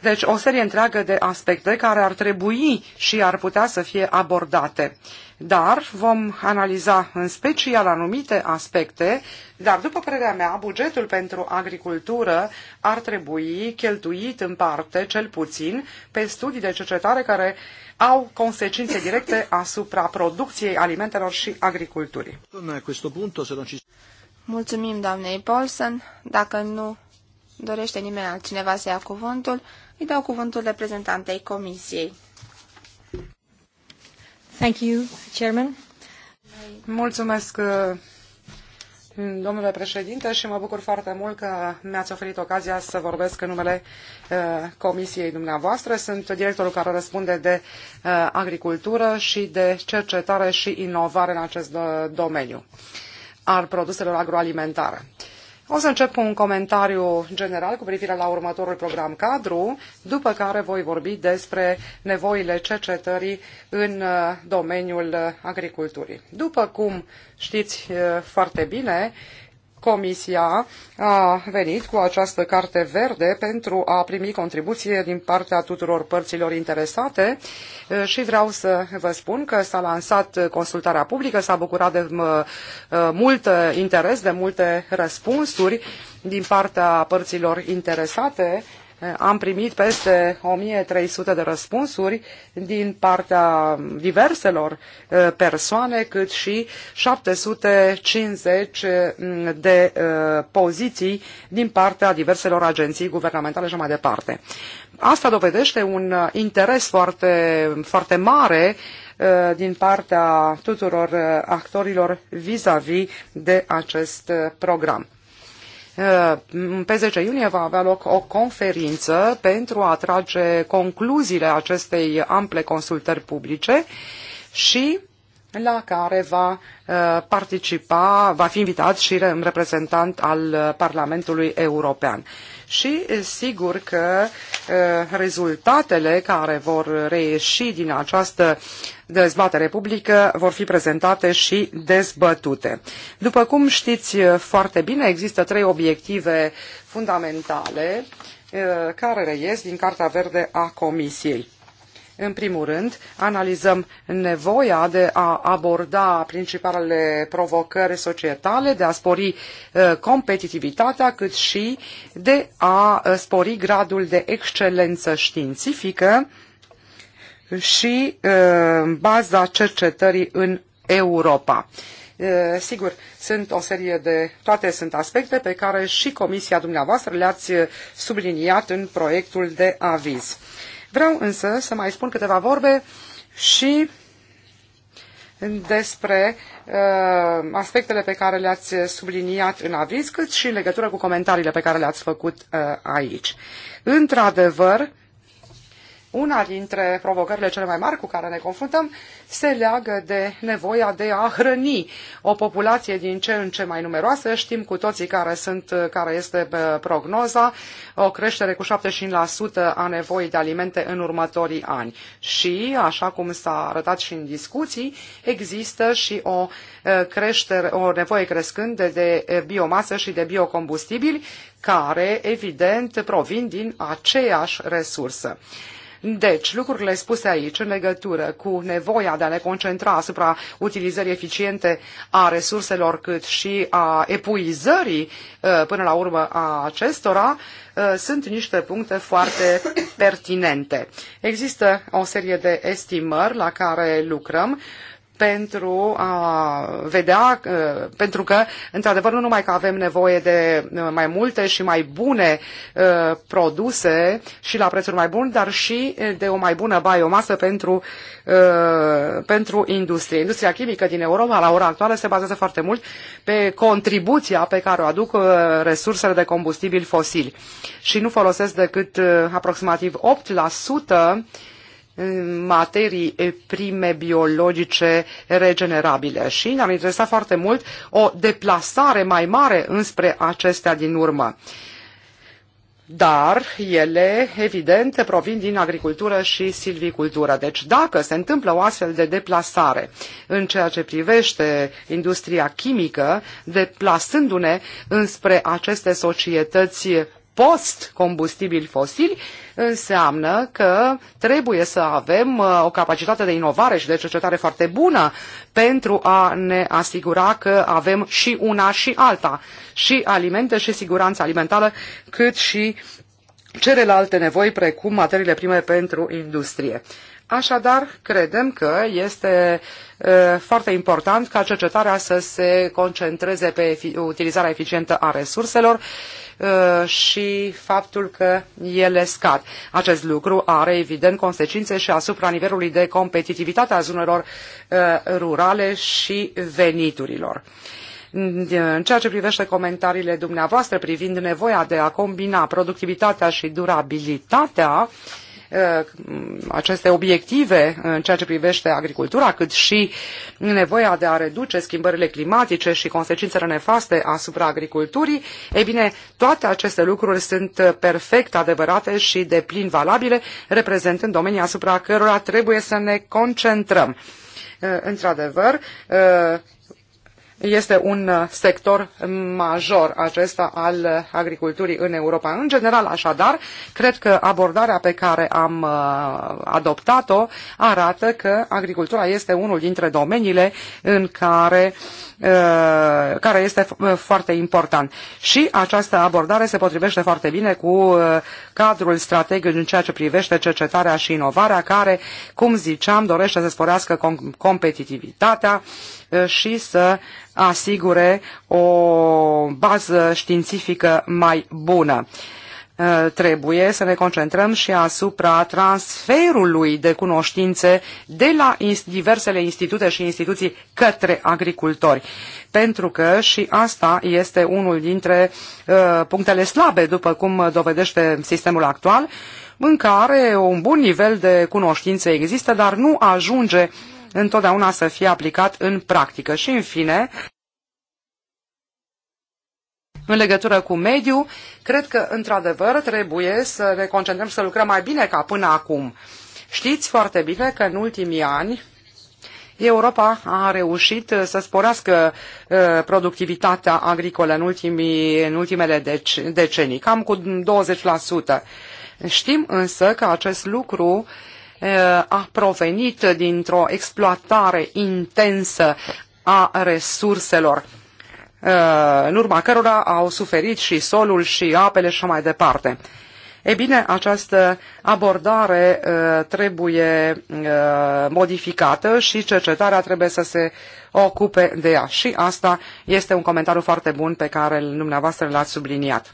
Deci o serie întreagă de aspecte care ar trebui și ar putea să fie abordate. Uh, dar vom analiza în special anumite aspecte, dar după părerea mea, bugetul pentru agricultură ar trebui cheltuit în parte, cel puțin, pe studii de cercetare care au consecințe directe asupra producției alimentelor și agriculturii.
Mulțumim doamnei Paulsen. Dacă nu dorește nimeni altcineva să ia cuvântul, îi dau cuvântul reprezentantei comisiei. Mulțumesc, uh, domnule președinte,
și mă bucur foarte mult că mi-ați oferit ocazia să vorbesc în numele uh, comisiei dumneavoastră. Sunt directorul care răspunde de uh, agricultură și de cercetare și inovare în acest domeniu al produselor agroalimentare. Uh, o să încep cu un comentariu general cu privire la următorul program cadru, după care voi vorbi despre nevoile cercetării în uh, domeniul uh, agriculturii. După cum știți uh, foarte bine, Comisia a venit cu această carte verde pentru a primi contribuție din partea tuturor părților interesate și vreau să vă spun că s-a lansat consultarea publică, s-a bucurat de mult interes, de multe răspunsuri din partea părților interesate am primit peste 1300 de răspunsuri din partea diverselor uh, persoane, cât și 750 mm, de uh, poziții din partea diverselor agenții guvernamentale și mai departe. Asta dovedește un uh, interes foarte, foarte mare din partea tuturor actorilor vis-a-vis -vis de acest program. Uh, pe 10 iunie va avea loc o conferință pentru a trage concluziile acestei ample consultări publice și la care va uh, participa, va fi invitat și un reprezentant al Parlamentului European. Și uh, sigur că rezultatele care vor reieși din această dezbatere publică vor fi prezentate și dezbătute. După cum știți uh, foarte bine, există trei obiective fundamentale uh, care reies din Carta Verde a Comisiei. În primul rând, analizăm nevoia de a aborda principalele provocări societale, de a spori uh, competitivitatea, cât și de a spori gradul de excelență științifică și uh, baza cercetării în Europa. Uh, sigur, sunt o serie de, toate sunt aspecte pe care și comisia dumneavoastră le-ați uh, subliniat în proiectul de aviz. Vreau însă să mai spun câteva vorbe și despre uh, aspectele pe care le-ați subliniat în aviz, cât și în legătură cu comentariile pe care le-ați făcut uh, aici. Într-adevăr, uh, una dintre provocările cele mai mari cu care ne confruntăm se leagă de nevoia de a hrăni o populație din ce în ce mai numeroasă. Știm cu toții care, sunt, care este prognoza, o creștere cu 75% a nevoii de alimente în următorii ani. Și, așa cum s-a arătat și în discuții, există și o, creștere, o nevoie crescândă de, de biomasă și de biocombustibili, care, evident, provin din aceeași resursă. Deci, lucrurile spuse aici în legătură cu nevoia de a ne concentra asupra utilizării eficiente a resurselor cât și a epuizării uh, până la urmă a acestora, uh, sunt niște puncte foarte pertinente. Există o serie de estimări la care lucrăm pentru a vedea, uh, pentru că, într-adevăr, nu numai că avem nevoie de uh, mai multe și mai bune uh, produse și la prețuri mai bune, dar și de o mai bună biomasă pentru, pentru industrie. Industria chimică din Europa, la ora actuală, se bazează foarte mult pe contribuția pe care o aduc resursele de combustibili fosili și nu folosesc decât aproximativ 8% materii prime biologice regenerabile și ne am interesat foarte mult o deplasare mai mare înspre acestea din urmă. Dar ele, evident, provin din agricultură și silvicultură. Deci dacă se întâmplă o astfel de deplasare în ceea ce privește industria chimică, deplasându-ne înspre aceste societăți post-combustibili fosili înseamnă că trebuie să avem uh, o capacitate de inovare și de cercetare foarte bună pentru a ne asigura că avem și una și alta, și alimente și siguranță alimentară, cât și celelalte nevoi, precum materiile prime pentru industrie. Așadar, credem că este foarte important ca cercetarea să se concentreze pe utilizarea eficientă a resurselor și faptul că ele scad. Acest lucru are evident consecințe și asupra nivelului de competitivitate a zonelor rurale și veniturilor. În ceea ce privește comentariile dumneavoastră privind nevoia de a combina productivitatea și durabilitatea, Uh, aceste obiective în ceea ce privește agricultura, cât și nevoia de a reduce schimbările climatice și consecințele nefaste asupra agriculturii, ei bine, toate aceste lucruri sunt perfect adevărate și de plin valabile, reprezentând domenii asupra cărora trebuie să ne concentrăm. Uh, într-adevăr, uh, este un uh, sector major acesta al uh, agriculturii în Europa. În general, așadar, cred că abordarea pe care am uh, adoptat-o arată că agricultura este unul dintre domeniile în care, care este foarte important. Și această abordare se potrivește foarte bine cu cadrul strategic în ceea ce privește cercetarea și inovarea, care, cum ziceam, dorește să sporească competitivitatea, Uh, și să asigure o bază științifică mai bună uh, trebuie să ne concentrăm și asupra transferului de cunoștințe de la diversele institute și instituții către agricultori. Pentru că și asta este unul dintre uh, punctele slabe, după cum dovedește sistemul actual, în care un bun nivel de cunoștințe există, dar nu ajunge uh, întotdeauna să fie aplicat în practică. Și, în fine, în legătură cu mediu, cred că, într-adevăr, trebuie să ne concentrăm să lucrăm mai bine ca până acum. Știți foarte bine că în ultimii ani Europa a reușit să sporească uh, productivitatea agricolă în, ultimii, în ultimele deci, decenii, cam cu 20%. Știm însă că acest lucru uh, Uh, a provenit dintr-o exploatare intensă a resurselor, uh, în urma cărora au suferit și solul și apele și mai departe. E bine, această abordare uh, trebuie modificată și cercetarea trebuie să se ocupe de ea. Și asta este un comentariu foarte bun pe care dumneavoastră l-ați subliniat.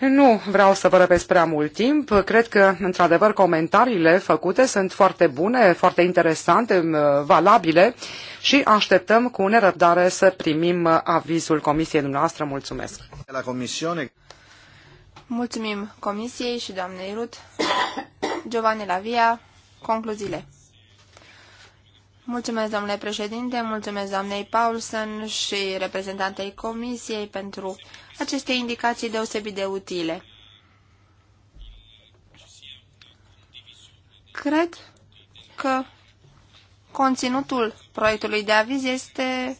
Nu vreau să vă răpesc prea mult timp. Cred că, într-adevăr, comentariile făcute sunt foarte bune, foarte interesante, valabile și așteptăm cu nerăbdare să primim uh, avizul comisiei dumneavoastră. Mulțumesc!
La comisiune...
Mulțumim comisiei și doamnei Rut. [COUGHS] Giovanni Lavia, concluziile. Mulțumesc, domnule președinte, mulțumesc doamnei Paulsen și reprezentantei Comisiei pentru aceste indicații deosebit de utile. Cred că conținutul proiectului de aviz este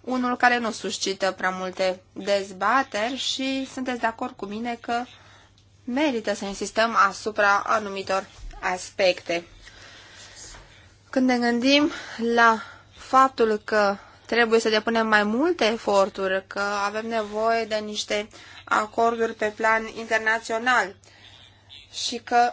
unul care nu suscită prea multe dezbateri și sunteți de acord cu mine că merită să insistăm asupra anumitor aspecte. Când ne gândim la faptul că trebuie să depunem mai multe eforturi, că avem nevoie de niște acorduri pe plan internațional și că,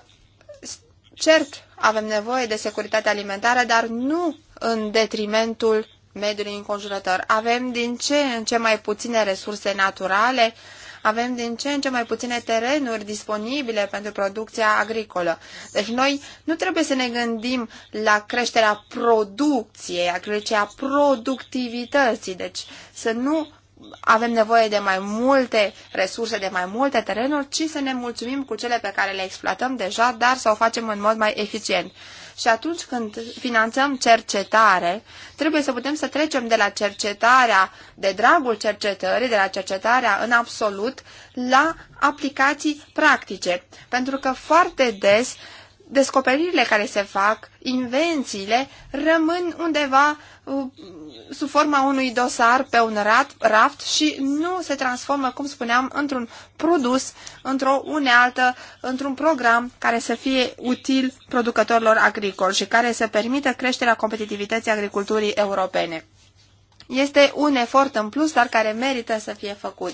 cert, avem nevoie de securitate alimentară, dar nu în detrimentul mediului înconjurător. Avem din ce în ce mai puține resurse naturale, avem din ce în ce mai puține terenuri disponibile pentru producția agricolă. Deci noi nu trebuie să ne gândim la creșterea producției, la creșterea productivității, deci să nu avem nevoie de mai multe resurse, de mai multe terenuri, ci să ne mulțumim cu cele pe care le exploatăm deja, dar să o facem în mod mai eficient. Și atunci când finanțăm cercetare, trebuie să putem să trecem de la cercetarea de dragul cercetării, de la cercetarea în absolut, la aplicații practice. Pentru că foarte des descoperirile care se fac, invențiile, rămân undeva uh, sub forma unui dosar pe un raft și nu se transformă, cum spuneam, într-un produs, într-o unealtă, într-un program care să fie util producătorilor agricoli și care să permită creșterea competitivității agriculturii europene. Este un efort în plus, dar care merită să fie făcut.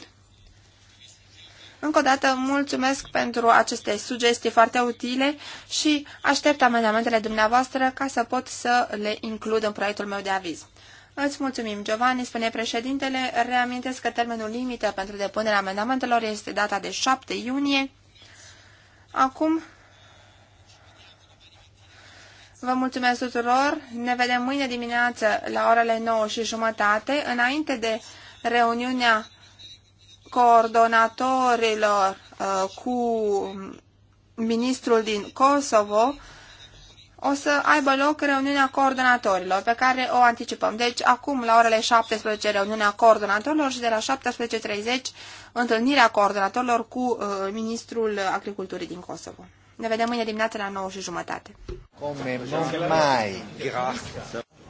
Încă o dată mulțumesc pentru aceste sugestii foarte utile și aștept amendamentele dumneavoastră ca să pot să le includ în proiectul meu de aviz. Îți mulțumim, Giovanni, spune președintele. Reamintesc că termenul limită pentru depunerea amendamentelor este data de 7 iunie. Acum Vă mulțumesc tuturor. Ne vedem mâine dimineață la orele 9 și jumătate, înainte de reuniunea coordonatorilor uh, cu ministrul din Kosovo, o să aibă loc reuniunea coordonatorilor, pe care o anticipăm. Deci, acum, la orele 17, reuniunea coordonatorilor și de la 17.30, întâlnirea coordonatorilor cu uh, ministrul agriculturii din Kosovo. Ne vedem mâine dimineața la 9 și jumătate.
Come
mai.